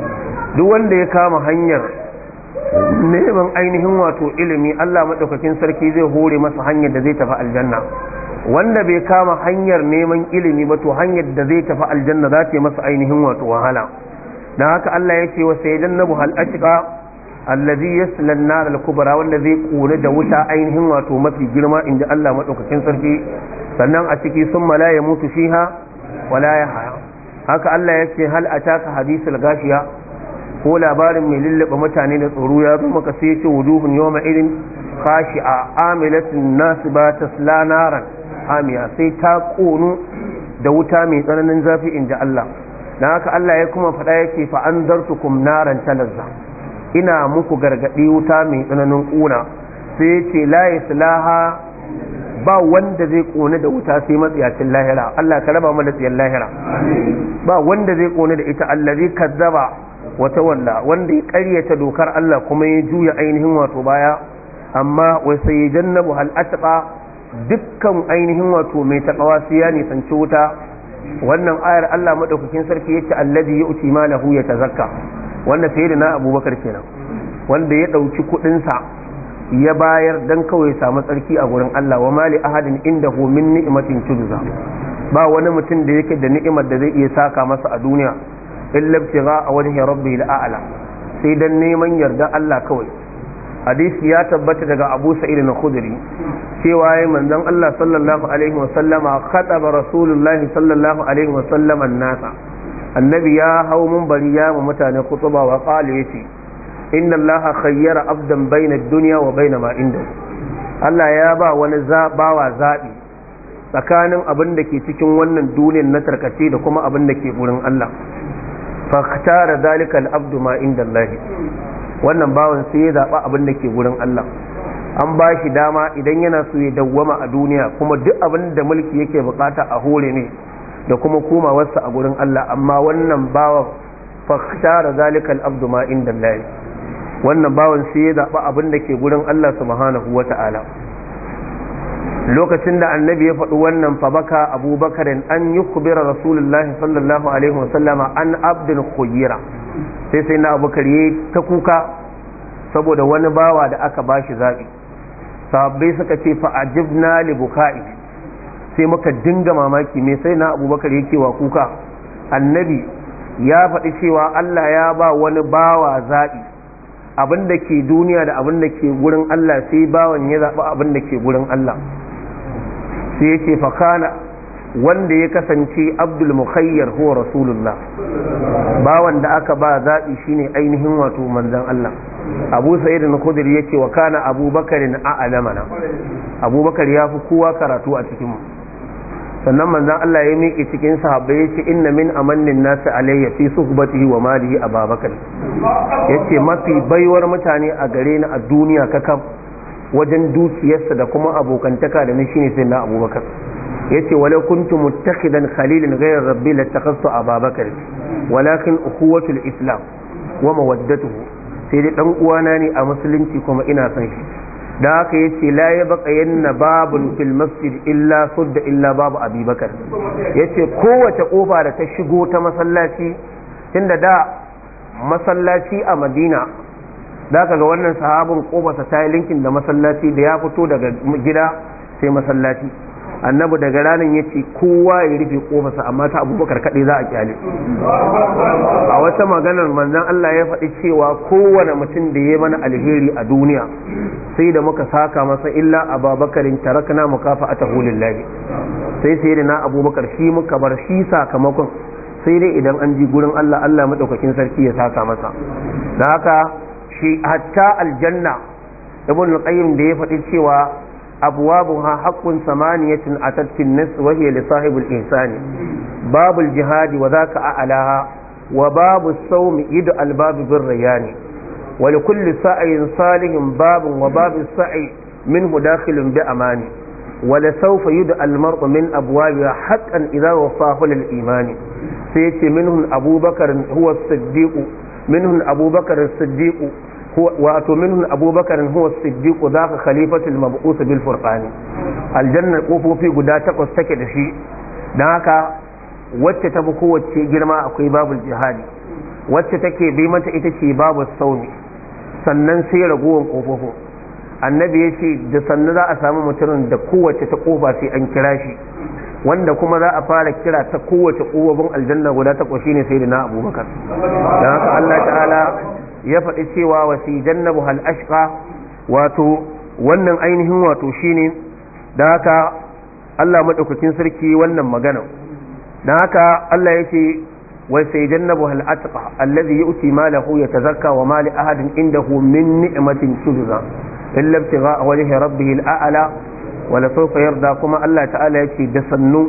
duk wanda ya kama hanyar neman ainihin wato ilimi Allah madaukakin sarki zai hore masa hanyar da zai tafi aljanna wanda bai kama hanyar neman ilimi ba to hanyar da zai tafi aljanna za ta masa ainihin wato wahala dan haka Allah yake wa sayyidannabu hal ashqa allazi yasla an-nar al-kubra wanda zai kone da wuta ainihin wato mafi girma inda Allah madaukakin sarki sannan a ciki sun mala ya mutu fiha wala ya haya haka Allah yake hal ataka hadisul gashiya ko labarin mai lullaba mutane da tsoro ya zo maka sai ce wujuhun yawma idin khashi'a amilatun nasiba tasla naran amiya sai ta kono da wuta mai tsananin zafi inda Allah na haka Allah ya kuma faɗa yake fa anzartukum naran talazza ina muku gargadi wuta mai tsananin ƙuna. sai ya ce la yaslaha ba wanda zai ƙone da wuta sai matsiyacin lahira Allah ka raba mana tsiyan lahira ba wanda zai ƙone da ita allazi kazzaba wata walla. wanda ya ƙaryata dokar Allah kuma ya juya ainihin wato baya amma wa sai jannabu hal atqa dukkan ainihin wato mai takawa sai ya nisanci wuta wannan ayar Allah madaukakin sarki yake allazi yu'ti malahu tazakka wannan sai da na abubakar kenan wanda ya dauki kudin sa ya bayar dan kawai samu tsarki a gurin Allah wa mali ahadin indahu min ni'matin tudza ba wani mutum da yake da ni'imar da zai iya saka masa a duniya illa ibtigha a wajhi rabbil a'la sai dan neman yarda Allah kawai hadisi ya tabbata daga abu sa'id na khudri cewa ya manzon Allah sallallahu alaihi wa sallama khataba rasulullahi sallallahu alaihi wa sallama nasa annabi ya hau munbari ya mu mutane kutuba wa qala yace inna Allah khayyara abdan bayna ad-dunya wa bayna ma indahu Allah ya ba wani bawa zabi tsakanin abin da ke cikin wannan duniyar na tarkace da kuma abin da ke gurin Allah fa khtara zalika al-abdu ma inda Allah wannan bawan sai ya zaba abin da ke gurin Allah an ba shi dama idan yana so ya dawwama a duniya kuma duk abin da mulki yake bukata a hore ne da kuma komawarsa a gurin Allah amma wannan bawan fakhtara zalika al-abdu ma inda Allah wannan bawan sai ya zaɓa abin da ke gurin Allah subhanahu wata'ala lokacin da annabi ya faɗi wannan fabaka abubakarin an yi kubira rasulullahi sallallahu alaihi wasallama an abdin khuyira sai sai na abubakar yi ta kuka saboda wani bawa da aka ba shi zaɓi sahabbai suka ce fa'ajib na buka'i sai muka dinga mamaki me sai na abubakar yake wa kuka annabi ya faɗi cewa Allah ya ba wani bawa zaɓi abin da ke duniya da abin da ke gurin Allah sai bawan ya zaɓi abin da ke gurin Allah sai ya ce fakana wanda ya kasance abdul mukhayyar huwa rasulullah bawan da aka ba zaɓi shine ainihin wato manzan Allah abu sa'id na kudur ya ce wa kana abubakar a alamana abubakar ya fi kowa karatu a cikin sannan manzan Allah ya miƙe cikin sahabba ya ce inna min amannin nasu alayya fi suhbatihi wa malihi babakar ya ce mafi baiwar mutane a gare ni a duniya ka kam. wajen dukiyarsa da kuma abokantaka da ni shine sai abubakar yace wala kuntu muttakhidan khalilan ghayra rabbi latakhassu ababakar walakin ukhuwatul islam wa mawaddatuhu sai dai dan uwana ne a musulunci kuma ina son shi da haka yace la yabqayanna babun fil masjid illa sudda illa babu abubakar yace kowace kofa da ta shigo ta masallaci tunda da masallaci a madina da ka ga wannan sahabin kobasa ta yi linkin da masallaci da ya fito daga gida sai masallaci annabi daga ranar ya ce kowa ya rufe kofarsa amma ta abubakar kaɗai za a kyale a wata maganar manzan Allah ya faɗi cewa kowane mutum da ya mana alheri a duniya sai da muka saka masa illa a babakarin tarakna mukafa a tahulin lahi sai sai da na abubakar shi muka bar shi sakamakon sai dai idan an ji gurin Allah Allah maɗaukakin sarki ya saka masa da haka hatta aljanna ibn al-qayyim da ya faɗi cewa abwabuha haqqun samaniyatin atat fi an-nas wa hiya li sahibul ihsan babu al-jihad wa zaka a'laha wa babu as-sawm id al-babu bir-rayani wa li kulli sa'in salihin babun wa babu as-sa'i minhu dakhilun bi amani wa la sawfa yud'a al-mar'u min abwabiha haqqan idha wafahu lil-imani sai yace minhum abubakar huwa as-siddiq minhun abubakar siddiq wato minhun abubakar huwa siddiq zaka khalifatul mab'us bil furqani aljanna kofofi guda takwas take da shi dan haka wacce ta bi kowace girma akwai babul jihadi wacce take bi mata ita ce babu sauni sannan sai ragowar kofofin annabi ya ce da sannan za a samu mutumin da kowacce ta ƙofa sai an kira shi wanda kuma za a fara kira ta kowace ƙofofin aljanna guda ta ƙoshi ne sai da na abubakar don haka allah ta'ala ya faɗi cewa wasi jannabu hal ashqa wato wannan ainihin wato shine don haka allah maɗaukakin sarki wannan magana don haka allah ya ce wasai jannabu hal atqa allazi yu'ti malahu yatazakka wa mali ahadin indahu min ni'matin tujza illa ibtigha wajhi rabbih al a'la wala saufa yarda kuma Allah ta'ala yake da sannu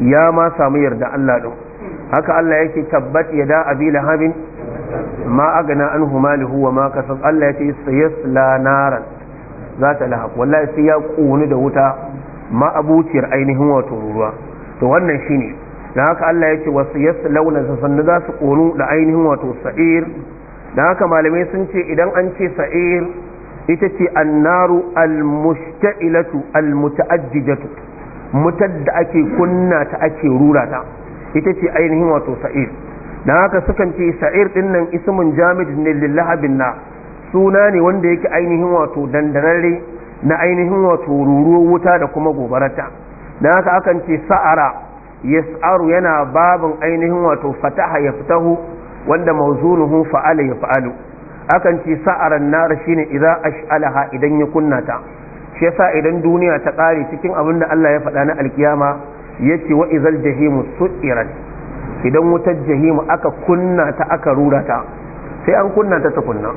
ya ma samu yarda Allah din haka Allah yake tabbat yada abi lahabin ma agana anhu malihu wa ma kasab Allah yake sayasla naran za ta lahab wallahi sai ya kuni da wuta ma abuciyar ainihin wato ruwa to wannan shine da haka Allah yake wasu yaslauna sannu za su kunu da ainihin wato sa'ir da haka malamai sun ce idan an ce sa'ir ita ce annaru almusta'ilatu almuta'ajjijatu mutar da ake kunna ta ake rura ta ita ce ainihin wato sa'ir dan haka sukan ce sa'ir din nan ismun jamid ne lillahabin na suna ne wanda yake ainihin wato dandanare na ainihin wato ruruwar wuta da kuma gobarata dan haka akan ce sa'ara yas'aru yana babin ainihin wato fataha ya fitahu wanda mawzunuhu fa'ala ya fa'alu akan ce sa'aran nar shine idza ash'alaha idan ya kunna ta shi yasa idan duniya ta kare cikin abin da Allah ya faɗa na alkiyama yace wa idzal jahimu su'irat idan wutar jahimu aka kunna ta aka rura ta sai an kunna ta ta kunna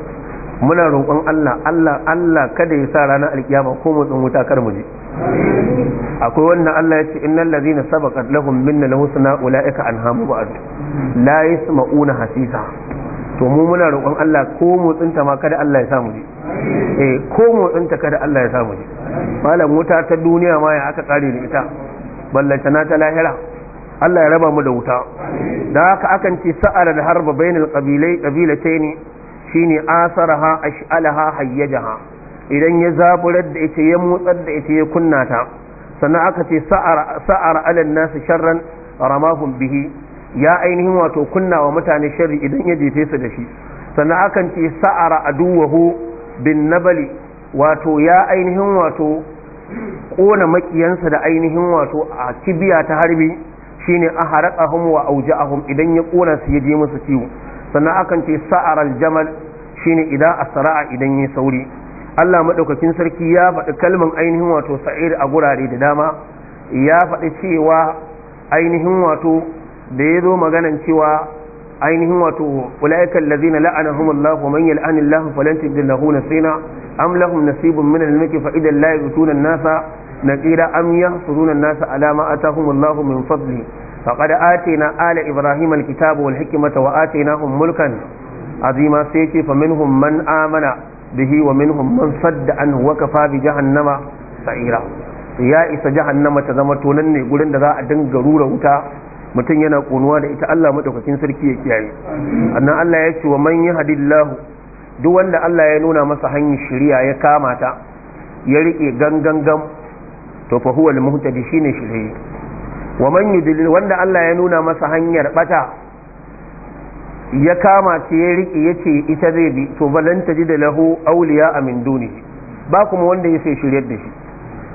muna roƙon Allah Allah Allah kada ya sa ranar alkiyama ko mu wuta kar mu ji akwai wannan Allah ya ce innal ladina sabaqat lahum minna lahusna ulaika anhamu ba'd la yasma'una hasisa to mu muna roƙon Allah ko motsinta ma kada Allah ya samu je eh ko motsinta kada Allah ya samu je malam wuta ta duniya ma ya aka kare da ita ballanta na ta lahira Allah ya raba mu da wuta da haka akan ce sa'ar da harba bainal qabilai qabilataini shine asaraha ash'alaha hayyajaha idan ya zaburar da ita ya motsar da ita ya kunna ta sannan aka ce sa'ara alal nasu sharran ramahum bihi ya ainihin wato kunna wa mutane sharri idan ya jefe su da shi sannan akan ce sa'ara aduwahu bin nabali wato ya ainihin wato kona makiyansa da ainihin wato a kibiya ta harbi shine a haraqahum wa auja'ahum idan ya kona su ya je musu ciwo sannan akan ce sa'ara aljamal shine idan asra'a idan ya sauri Allah madaukakin sarki ya faɗi kalman ainihin wato sa'ir a gurare da dama ya faɗi cewa ainihin wato da ya zo maganan cewa ainihin wato ulaika allazina la'anahumullahu man yal'anillahu falan tajid lahu nasina am lahum nasibun min al-mulki fa idan la yutuna an-nasa naqira am yahsuruna an-nasa ala ma atahumullahu min fadli faqad atina ala ibrahima al-kitaba wal hikmata wa atainahum mulkan azima sai ce fa minhum man amana bihi wa minhum man sadda an wa kafa bi jahannama sa'ira ya isa jahannama ta zama tonan ne gurin da za a dinga rura wuta mutum yana kunuwa da ita Allah maɗaukakin sarki ya kiyaye annan Allah ya ce wa man Hadillahu duk wanda Allah ya nuna masa hanyar shari'a ya kama ta ya riƙe gangan gam to fa huwa al-muhtadi shine shirye wa man yudlil wanda Allah ya nuna masa hanyar bata ya kama ta ya rike yace ita zai bi to balan tajida lahu awliya min duni ba kuma wanda ya sai shiryar da shi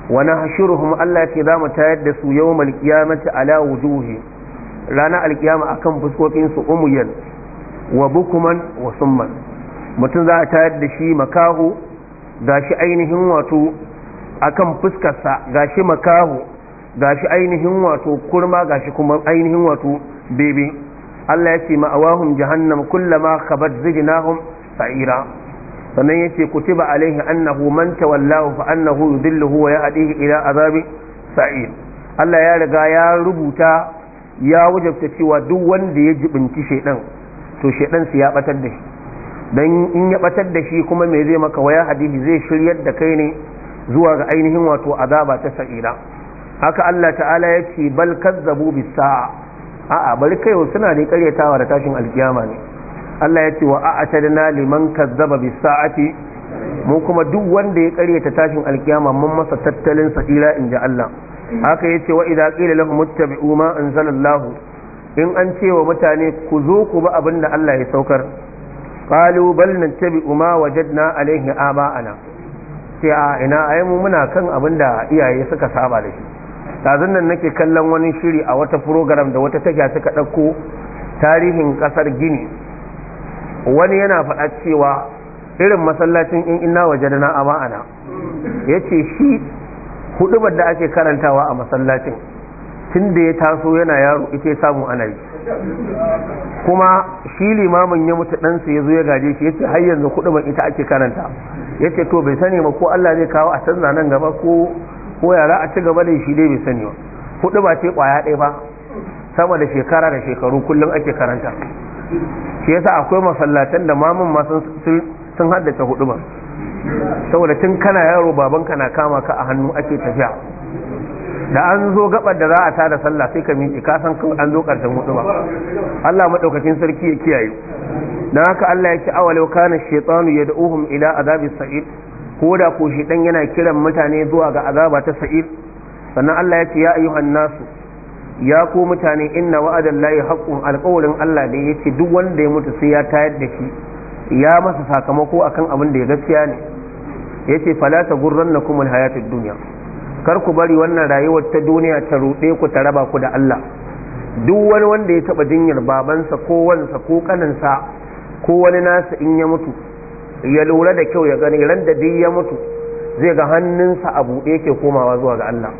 wa nahshuruhum Allah ya ce za mu tayar da su yawmal qiyamati ala wujuhihim ranar alkiyama akan fuskokin su umuyan wa bukuman wa summan mutum za a tayar da shi makahu gashi ainihin wato akan fuskarsa gashi makahu gashi ainihin wato kurma gashi kuma ainihin wato bebe Allah ya ce ma'awahum jahannam kullama kabar zidnahum sa'ira sannan yace kutiba alaihi annahu man tawallahu fa annahu yudilluhu wa yahdihi ila azabi sa'ir Allah ya riga ya rubuta ya wajabta cewa duk wanda ya jibinci shaidan to shaidan su ya batar da shi dan in ya batar da shi kuma me zai maka waya hadisi zai shiryar da kai ne zuwa ga ainihin wato azaba ta sa'ira haka Allah ta'ala ya ce bal kazzabu bis sa'a a'a bari kai suna da karyatawa da tashin alkiyama ne Allah ya ce wa na liman kazzaba bis sa'ati mu kuma duk wanda ya karyata tashin alkiyama mun masa tattalin sa'ira inji Allah haka yace wa idza qila lahum muttabi'u ma anzalallahu in an ce wa mutane ku zo ku bi abin da Allah ya saukar qalu bal nattabi'u ma wajadna alaihi aba'ana sai a ina ai mu muna kan abin da iyaye suka saba da shi dazun nan nake kallon wani shiri a wata program da wata take suka dauko tarihin kasar Gini wani yana faɗa cewa irin masallacin in ina wajadna aba'ana yace shi hudubar da ake karantawa a masallacin tun da ya taso yana yaro ita ya samu ana yi kuma shi limamin ya mutu ɗansa ya zo ya gaje shi yace har yanzu hudubar ita ake karanta yace to bai sani ba ko Allah zai kawo a canza nan gaba ko ko yara a ci gaba da shi dai bai sani ba ce kwaya ɗaya ba sama da shekara da shekaru kullum ake karanta shi yasa akwai masallatan da mamun ma sun haddace hudubar saboda tun kana yaro babanka na kama ka a hannu ake tafiya da an zo gabar da za a tada sallah sai ka miƙe ka san an zo karshen hudu ba Allah madaukakin sarki ya kiyaye dan haka Allah ya awalau kana shaytanu yad'uhum ila azabi sa'id ko da ko ɗan yana kiran mutane zuwa ga azaba ta sa'id sannan Allah ya ce ya ayyuhan nasu ya ku mutane inna wa'adallahi haqqun alqawlin Allah da yace duk wanda ya mutu sai ya tayar da shi ya masa sakamako akan abin da ya gaskiya ne yace fala ta gurran na kuma hayatun duniya kar ku bari wannan rayuwar ta duniya ta ruɗe ku ta raba ku da Allah duk wani wanda ya taɓa jinyar babansa ko wansa ko kaninsa ko wani nasa in ya mutu ya lura da kyau ya gani ran da duk ya mutu zai ga hannunsa a buɗe yake komawa zuwa ga Allah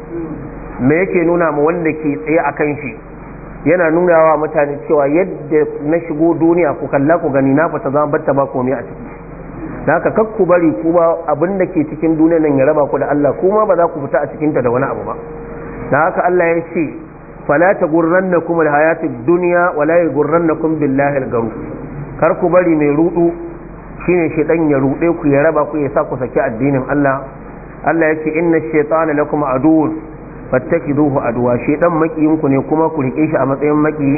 me yake nuna mu wanda ke tsaye akan shi yana nuna wa mutane cewa yadda na shigo duniya ku kalla ku gani na fata zama batta ba komai a ciki da haka kak bari ku ba abin da ke cikin duniya nan ya raba ku da Allah kuma ba za ku fita a cikin ta da wani abu ba da haka Allah ya ce fala tagurrannakum alhayatid dunya wala yagurrannakum billahi algaru kar ku bari mai rudu shine shedan ya rude ku ya raba ku ya sa ku saki addinin Allah Allah ya ce inna shaytana lakum aduwwun fattakiduhu adwa shi dan makiyin ku ne kuma ku rike shi a matsayin maki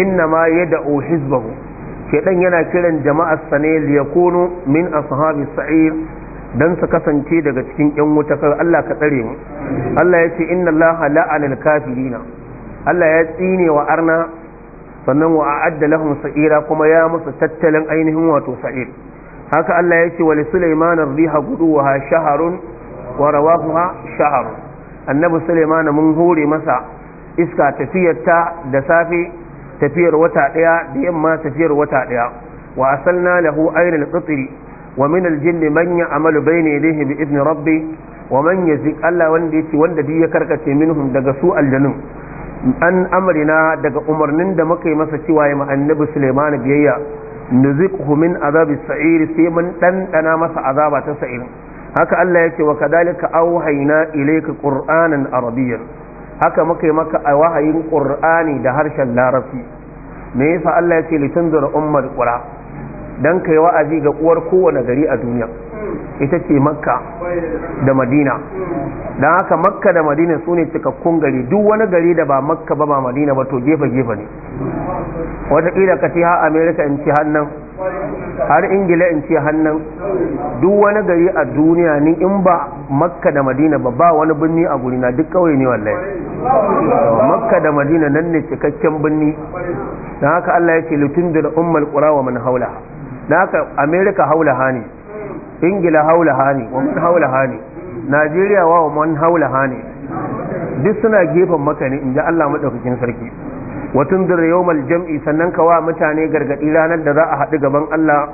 inna ma yad'u hizbahu shedan yana kiran jama'ar sa ne liyakunu min ashabi sa'ir dan su kasance daga cikin yan wuta kar Allah ka tsare mu Allah ya ce inna Allah la'anal kafirina Allah ya tsine wa arna sannan wa a'adda lahum sa'ira kuma ya musu tattalin ainihin wato sa'ir haka Allah ya ce wa li Sulaiman ar-riha guduwa shaharun wa rawahuha annabi suleiman mun hore masa iska tafiyarta da safe tafiyar wata ɗaya da yamma tafiyar wata ɗaya. wa asalna lahu ainal qitri wa min aljinn man ya'malu bayna yadayhi bi idni rabbi wa man yazik Allah wanda ce wanda duk ya karkace minhum daga su aljanun an amrina daga umarnin da muka yi masa cewa ya annabi suleiman biyayya nuziqhu min azabi sa'ir sai mun dandana masa azaba ta sa'ir haka Allah yake wa kadalika auhayna ilayka qur'anan arabiyyan haka muka yi maka a wahayin qur'ani da harshen larabci me yasa Allah yake litunzir ummat qura dan kai wa'azi ga uwar kowane gari a duniya ita ce makka da madina dan haka makka da madina su ne cikakkun gari duk wani gari da ba makka ba ba madina ba to gefe gefe ne wataƙila ka ce ha amerika in ci hannan har ingila in ce hannan duk wani gari a duniya ni in ba makka da madina ba ba wani birni a na duk kawai ne wallahi makka da madina nan ne cikakken birni don haka allah ya ce da ummal qura wa man haula don haka america haula hani ingila haula hani wa man haula hani najeriya wa wa man haula hani duk suna gefen maka ne in ji allah maɗaukakin sarki wa da yawmal jam'i sannan ka wa mutane gargadi ranar da za a haɗu gaban Allah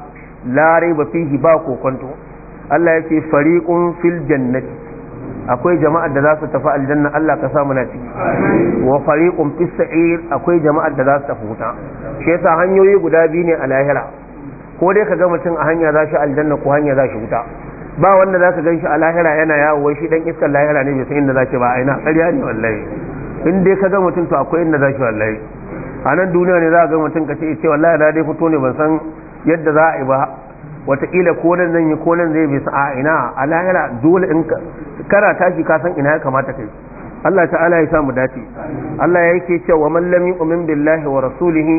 la raiba fihi ba kokonto Allah yake fariqun fil jannati akwai jama'ar da za su tafi aljanna Allah ka samu na ciki wa fariqun fis sa'ir akwai jama'ar da za su tafi huta. shi yasa hanyoyi guda biyu ne a lahira ko dai ka ga mutum a hanya za shi aljanna ko hanya za shi huta ba wanda za ka gan shi a lahira yana yawo wai shi dan iskar lahira ne bai san inda za ba aina ƙarya ne wallahi in dai ka ga mutum to akwai inda zaki wallahi a nan duniya ne za ga mutum ka ce ce wallahi na dai fito ne ban san yadda za a yi ba wataƙila ko nan zan yi ko nan zai bi a ina a lahira dole in kana tashi ka san ina ya kamata kai Allah ta'ala ya samu dace Allah ya yake cewa man lam yu'min billahi wa rasulihi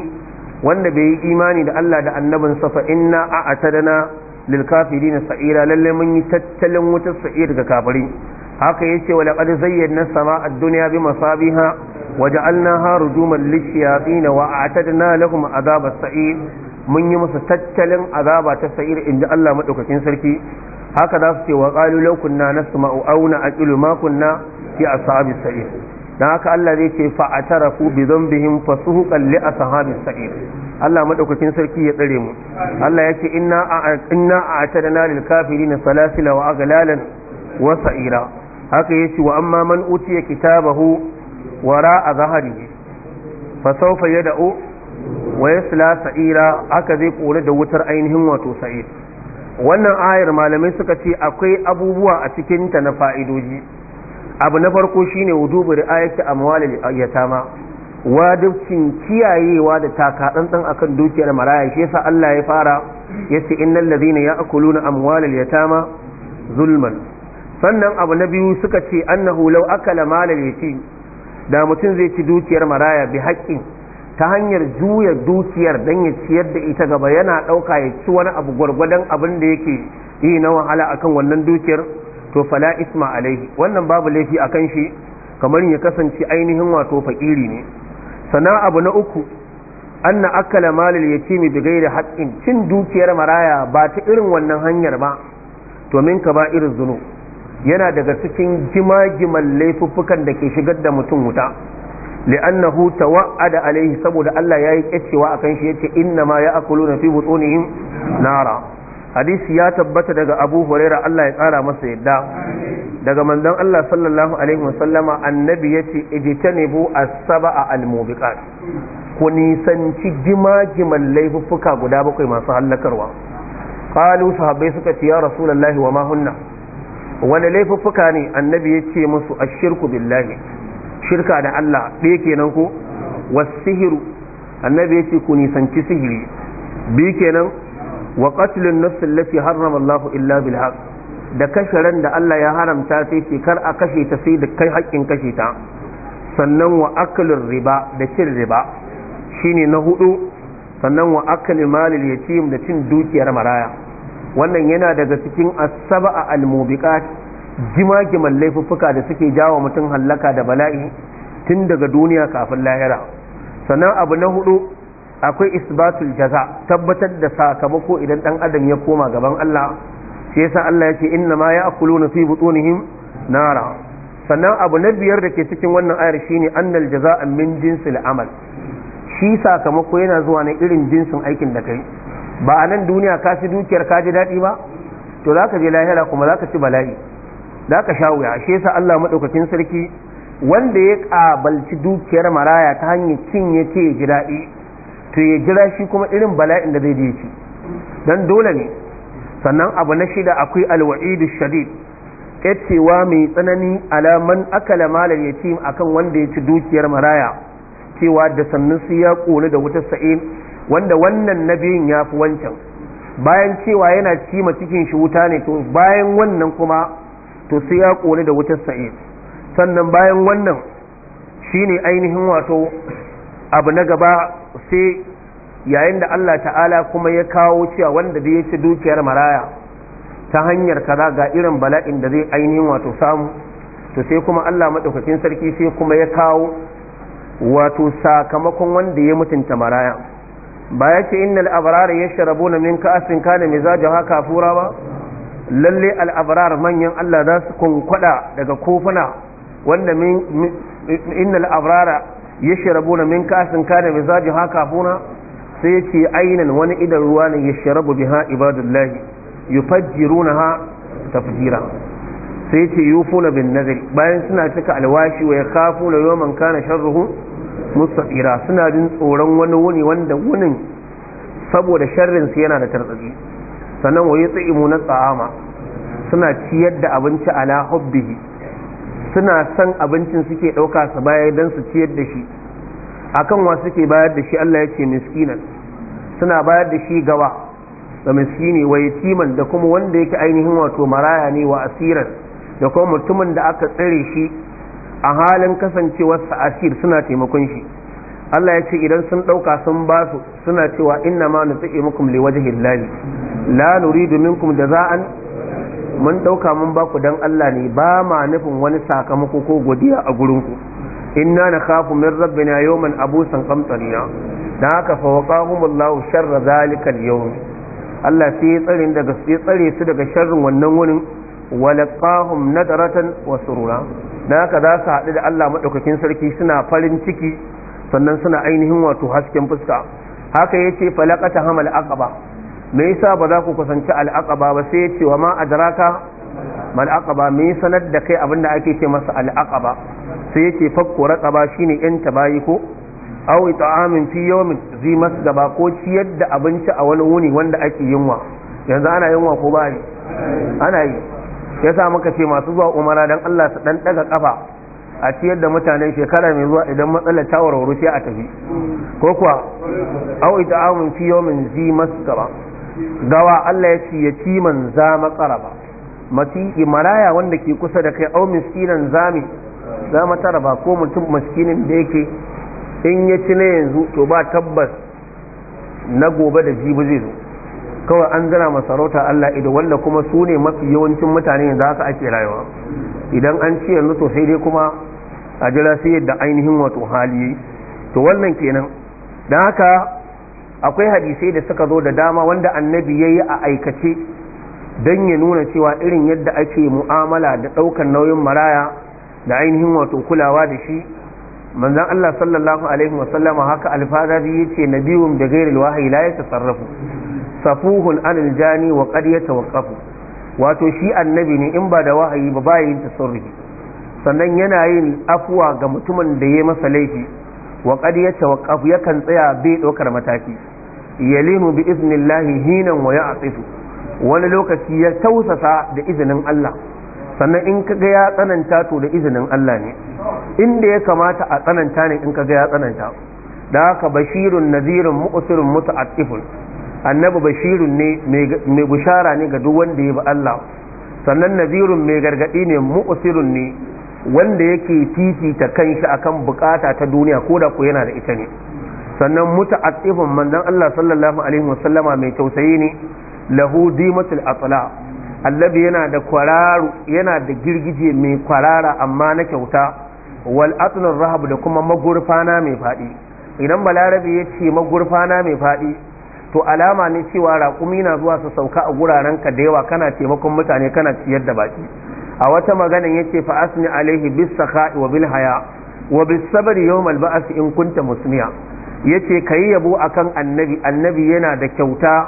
wanda bai yi imani da Allah da annabin sa fa inna a'tadana lil kafirin sa'ira lalle mun yi tattalin wutar sa'ir daga kafirin haka yace wa laqad zayyana sama'a ad-dunya bi masabiha wa ja'alnaha rujuman lish-shayatin wa a'tadna lahum adhab as-sa'ir mun yi musu tattalin azaba ta sa'ir inda Allah madaukakin sarki haka za su ce wa qalu law kunna nasma'u aw na'qilu ma kunna fi ashabi as-sa'ir dan haka Allah zai ce fa atarafu bi dhanbihim fasuhuqan li ashabi as-sa'ir Allah madaukakin sarki ya tsare mu Allah yace inna inna a'tadna lil kafirin salasila wa aghlalan wa sa'ira haka yace wa amma man utiya kitabahu wara a zahari fa sawfa o wa yasla sa'ira haka zai kore da wutar ainihin wato sa'ir wannan ayar malamai suka ce akwai abubuwa a cikin ta na fa'idoji abu na farko shine wudubu ri'ayati amwalil yatama wajibcin kiyayewa da takatsantsan akan dukiyar maraya shi yasa Allah ya fara yace innal ladina ya'kuluna amwalal yatama zulman sannan abu na biyu suka ce annahu law akala malal yatim da mutum zai ci dukiyar maraya bi haƙƙin ta hanyar juya dukiyar dan ya ciyar da ita gaba yana ɗauka ya ci wani abu gwargwadon abin da yake yi na wahala akan wannan dukiyar to fala isma alaihi wannan babu laifi akan shi kamar ya kasance ainihin wato fakiri ne sana abu na uku anna akala malal yatim bi ghairi haqqin cin dukiyar maraya ba ta irin wannan hanyar ba to min ka ba irin zunub yana daga cikin jimagiman laifuffukan da ke shigar da mutum wuta li'annahu tawa'ada alaihi saboda Allah ya yayi kyacewa akan shi yace inna ma ya na fi butunihim nara hadisi ya tabbata daga Abu Huraira Allah ya tsara masa yadda daga manzon Allah sallallahu alaihi wasallama annabi yace ijtanibu as-sab'a al-mubiqat ku nisanci gima-giman laifuffuka guda bakwai masu hallakarwa qalu sahabbai suka ce ya rasulullahi wa ma hunna wani laifuffuka ne annabi ya ce musu ashirku billahi shirka da Allah ɗaya kenan ko wasihiru annabi ya ce ku nisanci sihiri bi kenan wa qatlun nafsin lati harrama Allah illa bil haqq da kashe ran da Allah ya haramta sai ce kar a kashe ta sai da kai haƙƙin kashe ta sannan wa aklur riba da cin riba shine na hudu sannan wa akli malil yatim da cin dukiyar maraya wannan yana daga cikin asaba al-mubiqat jimagiman laifuffuka da suke jawo mutum hallaka da bala'i tun daga duniya kafin lahira sannan abu na hudu akwai isbatul jaza tabbatar da sakamako idan dan adam ya koma gaban Allah shi yasa Allah yake inna ma ya'kuluna fi butunihim nara sannan abu na biyar da ke cikin wannan ayar shine annal jaza'a min jinsil amal shi sakamako yana zuwa ne irin jinsin aikin da kai ba a nan duniya ka fi dukiyar ka ji daɗi ba to za ka je lahira kuma za ka ci bala'i za ka sha wuya shi yasa Allah maɗaukakin sarki wanda ya ƙabalci dukiyar maraya ta hanyar cin ya ce ya ji daɗi to ya jira shi kuma irin bala'in da zai je ci don dole ne sannan abu na shida akwai alwa'idu shadid cewa mai tsanani alaman akala malar yatim akan wanda ya ci dukiyar maraya cewa da sannan su ya kone da wutar sa'in wanda wannan na biyun ya fi wancan bayan cewa yana cima cikin shi wuta ne to bayan wannan kuma to sai ya kone da wutar sa'id sannan bayan wannan shine ainihin wato abu na gaba sai yayin da Allah ta'ala kuma ya kawo cewa wanda da ya ci dukiyar maraya ta hanyar kaza ga irin bala'in da zai ainihin wato samu to sai kuma Allah maɗaukakin sarki sai kuma ya kawo wato sakamakon wanda ya mutunta maraya ba ya ce ya abrar yashrabuna min ka ka'sin kana mizajuha fura ba lalle al manyan Allah za su kunkwada daga kofuna wanda min ya abrara yashrabuna min ka ka'sin kana mizajuha fura? sai ya ce ainan wani idan ruwa ne yashrabu biha ibadullahi ha tafjira sai ya ce yufuna bin nazari bayan suna cika alwashi wa ya yakhafuna yawman kana sharruhu mustaqira suna jin tsoron wani wuni wanda wunin saboda sharrin su yana da tarzaki sannan waye tsimu na tsa'ama suna ciyar da abinci ala hubbihi suna san abincin suke ɗauka su bayar dan su ciyar da shi akan wa suke bayar da shi Allah ya ce miskinan suna bayar da shi gawa da miskini wa yatiman da kuma wanda yake ainihin wato maraya ne wa asiran da kuma mutumin da aka tsare shi a halin kasancewarsa asir suna taimakon shi Allah ya ce idan sun ɗauka sun ba su suna cewa inna ma nutsi mukum li wajhi llahi la nuridu minkum jaza'an mun ɗauka mun ba ku dan Allah ne ba ma nufin wani sakamako ko godiya a gurin ku inna nakhafu min rabbina yawman abusan qamtariya dan haka fa waqahumullahu sharra zalika al-yawm Allah sai ya tsare daga sai tsare su daga sharrin wannan wurin wa laqahum nadratan wa surura na haka za su haɗu da Allah maɗaukakin sarki suna farin ciki sannan suna ainihin wato hasken fuska haka ya ce falakata hamal aqaba me yasa ba za ku kusanci al'aqaba ba sai ya ce wa ma adraka mal aqaba me sanar da kai abinda ake ce masa al'aqaba sai ya ce fakku raqaba shine yan tabayi ko aw it'amin fi yawmin zi masgaba ko ciyar da abinci a wani wuni wanda ake yunwa yanzu ana yinwa ko ba ana yi yasa muka ce masu zuwa umara dan Allah su dan daga kafa a ciyar da mutane shekara mai zuwa idan matsalar ta wuri sai a tafi ko kuwa au ita amun fi yawmin zi gaba gawa Allah ya ce man za matsara ba mati maraya wanda ke kusa da kai au miskinan zami za ko mutum miskinin da yake in ya ci na yanzu to ba tabbas na gobe da jibi zai zo kawai an ma masarauta Allah ido wanda kuma su ne mafi yawancin mutane da haka ake rayuwa idan an ci yanzu to sai dai kuma a jira sai yadda ainihin wato hali to wannan kenan don haka akwai hadisai da suka zo da dama wanda annabi ya yi a aikace don ya nuna cewa irin yadda ake mu'amala da ɗaukar nauyin maraya da ainihin wato kulawa da shi manzan Allah sallallahu alaihi wasallama haka alfazari ya ce na biyun da gairil wahayi la ya tasarrafu safuhun anil jani wa qad yatawaqqafu wato shi annabi ne in ba da wahayi ba bayin tasarrufi sannan yana yin afuwa ga mutumin da ya masa laifi wa qad yatawaqqafu yakan tsaya bai ɗaukar mataki yalimu bi iznillahi hinan wa ya'tifu wani lokaci ya tausasa da izinin Allah sannan in kaga ya tsananta to da izinin Allah ne inda ya kamata a tsananta ne in kaga ya tsananta da haka bashirun nazirun mu'sirun muta'attifun annabi bashirun ne mai bushara ne ga duk wanda ya bi Allah sannan nazirun mai gargadi ne mu'sirun ne wanda yake titi fifita kanshi akan bukata ta duniya ko da ku yana da ita ne sannan muta'attifun manzon Allah sallallahu alaihi wasallama mai tausayi ne lahu dimatul atla allabi yana da kwararu yana da girgije mai kwarara amma na kyauta wal atnur rahab da kuma magurfana mai fadi idan balarabi ya ce magurfana mai fadi to alama ne cewa raƙumi na zuwa su sauka a guraren ka da yawa kana taimakon mutane kana ciyar da baki a wata maganan yace fa asmi alaihi bis saha wa bil haya wa bis sabri yawm al ba'th in kunta musmiya yace kayi yabo akan annabi annabi yana da kyauta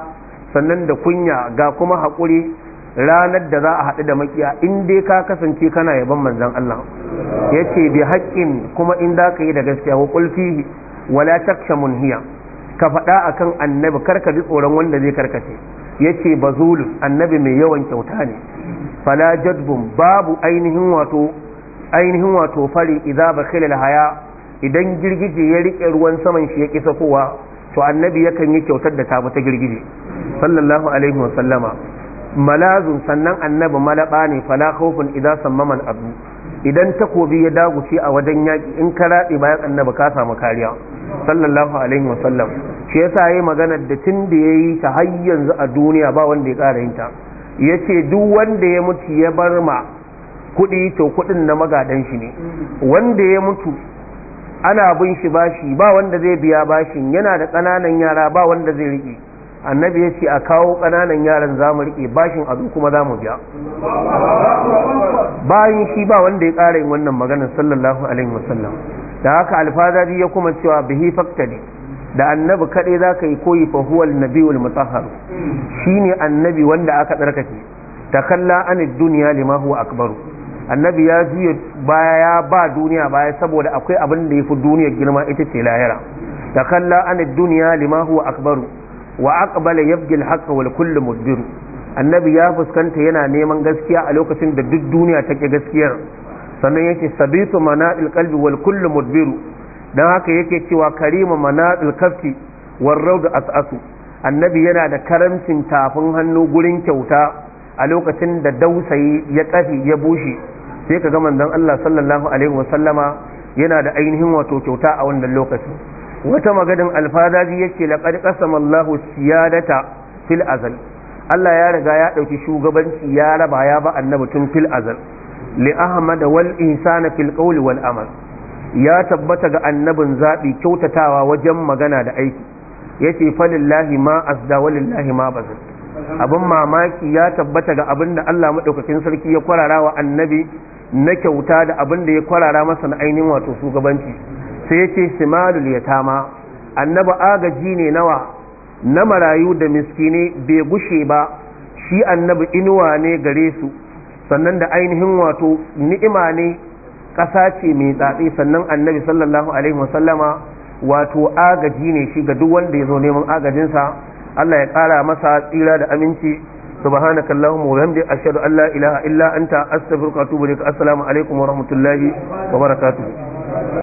sannan da kunya ga kuma haƙuri ranar da za a haɗu da makiya in dai ka kasance kana yabon manzon Allah yace bi haƙƙin kuma in da ka yi da gaskiya wa qul wala taksha munhiya ka faɗa a kan annabi kar ka ji tsoron wanda zai karkace ya yace zulu annabi mai yawan kyauta ne fala jadbun babu ainihin wato fari idza khilal haya idan girgije ya rike ruwan saman shi ya kisa kowa to annabi yakan yi kyautar da ta ta girgije sallallahu alaihi wa sallama malazun sannan annabi malaba ne fala khawfun idza sammaman abu idan takobi ya dagu shi a wajen yaki in ka rabe bayan annabi ka samu kariya sallallahu alaihi wasallam shi yasa yayi magana da tun da yayi ta har yanzu a duniya ba wanda ya ƙara ta yace duk wanda ya mutu ya bar ma kuɗi to kuɗin na magadan shi ne wanda ya mutu ana bin shi bashi ba wanda zai biya bashin yana da ƙananan yara ba wanda zai riƙe annabi ya ce a kawo ƙananan yaran za mu riƙe bashin azu kuma za mu biya bayan shi ba wanda ya ƙara yin wannan maganar sallallahu alaihi wasallam da haka alfazari ya kuma cewa bihi faktadi da annabi kaɗai za ka yi koyi fa huwal nabiyul shi shine annabi wanda aka tsarkake ta kalla an duniya lima huwa akbaru annabi ya juya baya ya ba duniya baya saboda akwai abin da yafi duniyar girma ita ce layara ta kalla an duniya lima huwa akbaru wa aqbala yabghi al wal kullu mudbiru annabi ya fuskanta yana neman gaskiya a lokacin da duk duniya ta ke gaskiyar sannan yake sabitu mana'il ƙalbi wal kullu mudbiru dan haka yake cewa karima mana'il kaffi war rawd as'asu annabi yana da karamcin tafin hannu gurin kyauta a lokacin da dausayi ya kafi ya bushe sai ka ga manzon Allah sallallahu alaihi wa sallama yana da ainihin wato kyauta a wannan lokacin wata magadin alfadaji yake laqad qasama Allahu siyadata fil azal Allah ya riga ya ɗauki shugabanci ya raba ya ba annabi tun fil azal li ahmad wal na fil qawli wal amal ya tabbata ga annabin zabi kyautatawa wajen magana da aiki yace falillahi ma asda walillahi ma bazal abin mamaki ya tabbata ga abinda Allah madaukakin sarki ya kwarara wa annabi na kyauta da abinda ya kwarara masa na ainihin wato shugabanci sai yace simalul yatama annabi agaji ne nawa na marayu da miskini bai gushe ba shi annabi inuwa ne gare su sannan da ainihin wato ni'ima ne ƙasa ce mai tsatsi sannan annabi sallallahu alaihi wasallama wato agaji ne shi ga duk wanda ya zo neman agajinsa Allah ya ƙara masa tsira da aminci سبحانك اللهم وبحمدك أشهد أن لا إله إلا أنت أستغفرك وأتوب إليك السلام عليكم ورحمة الله وبركاته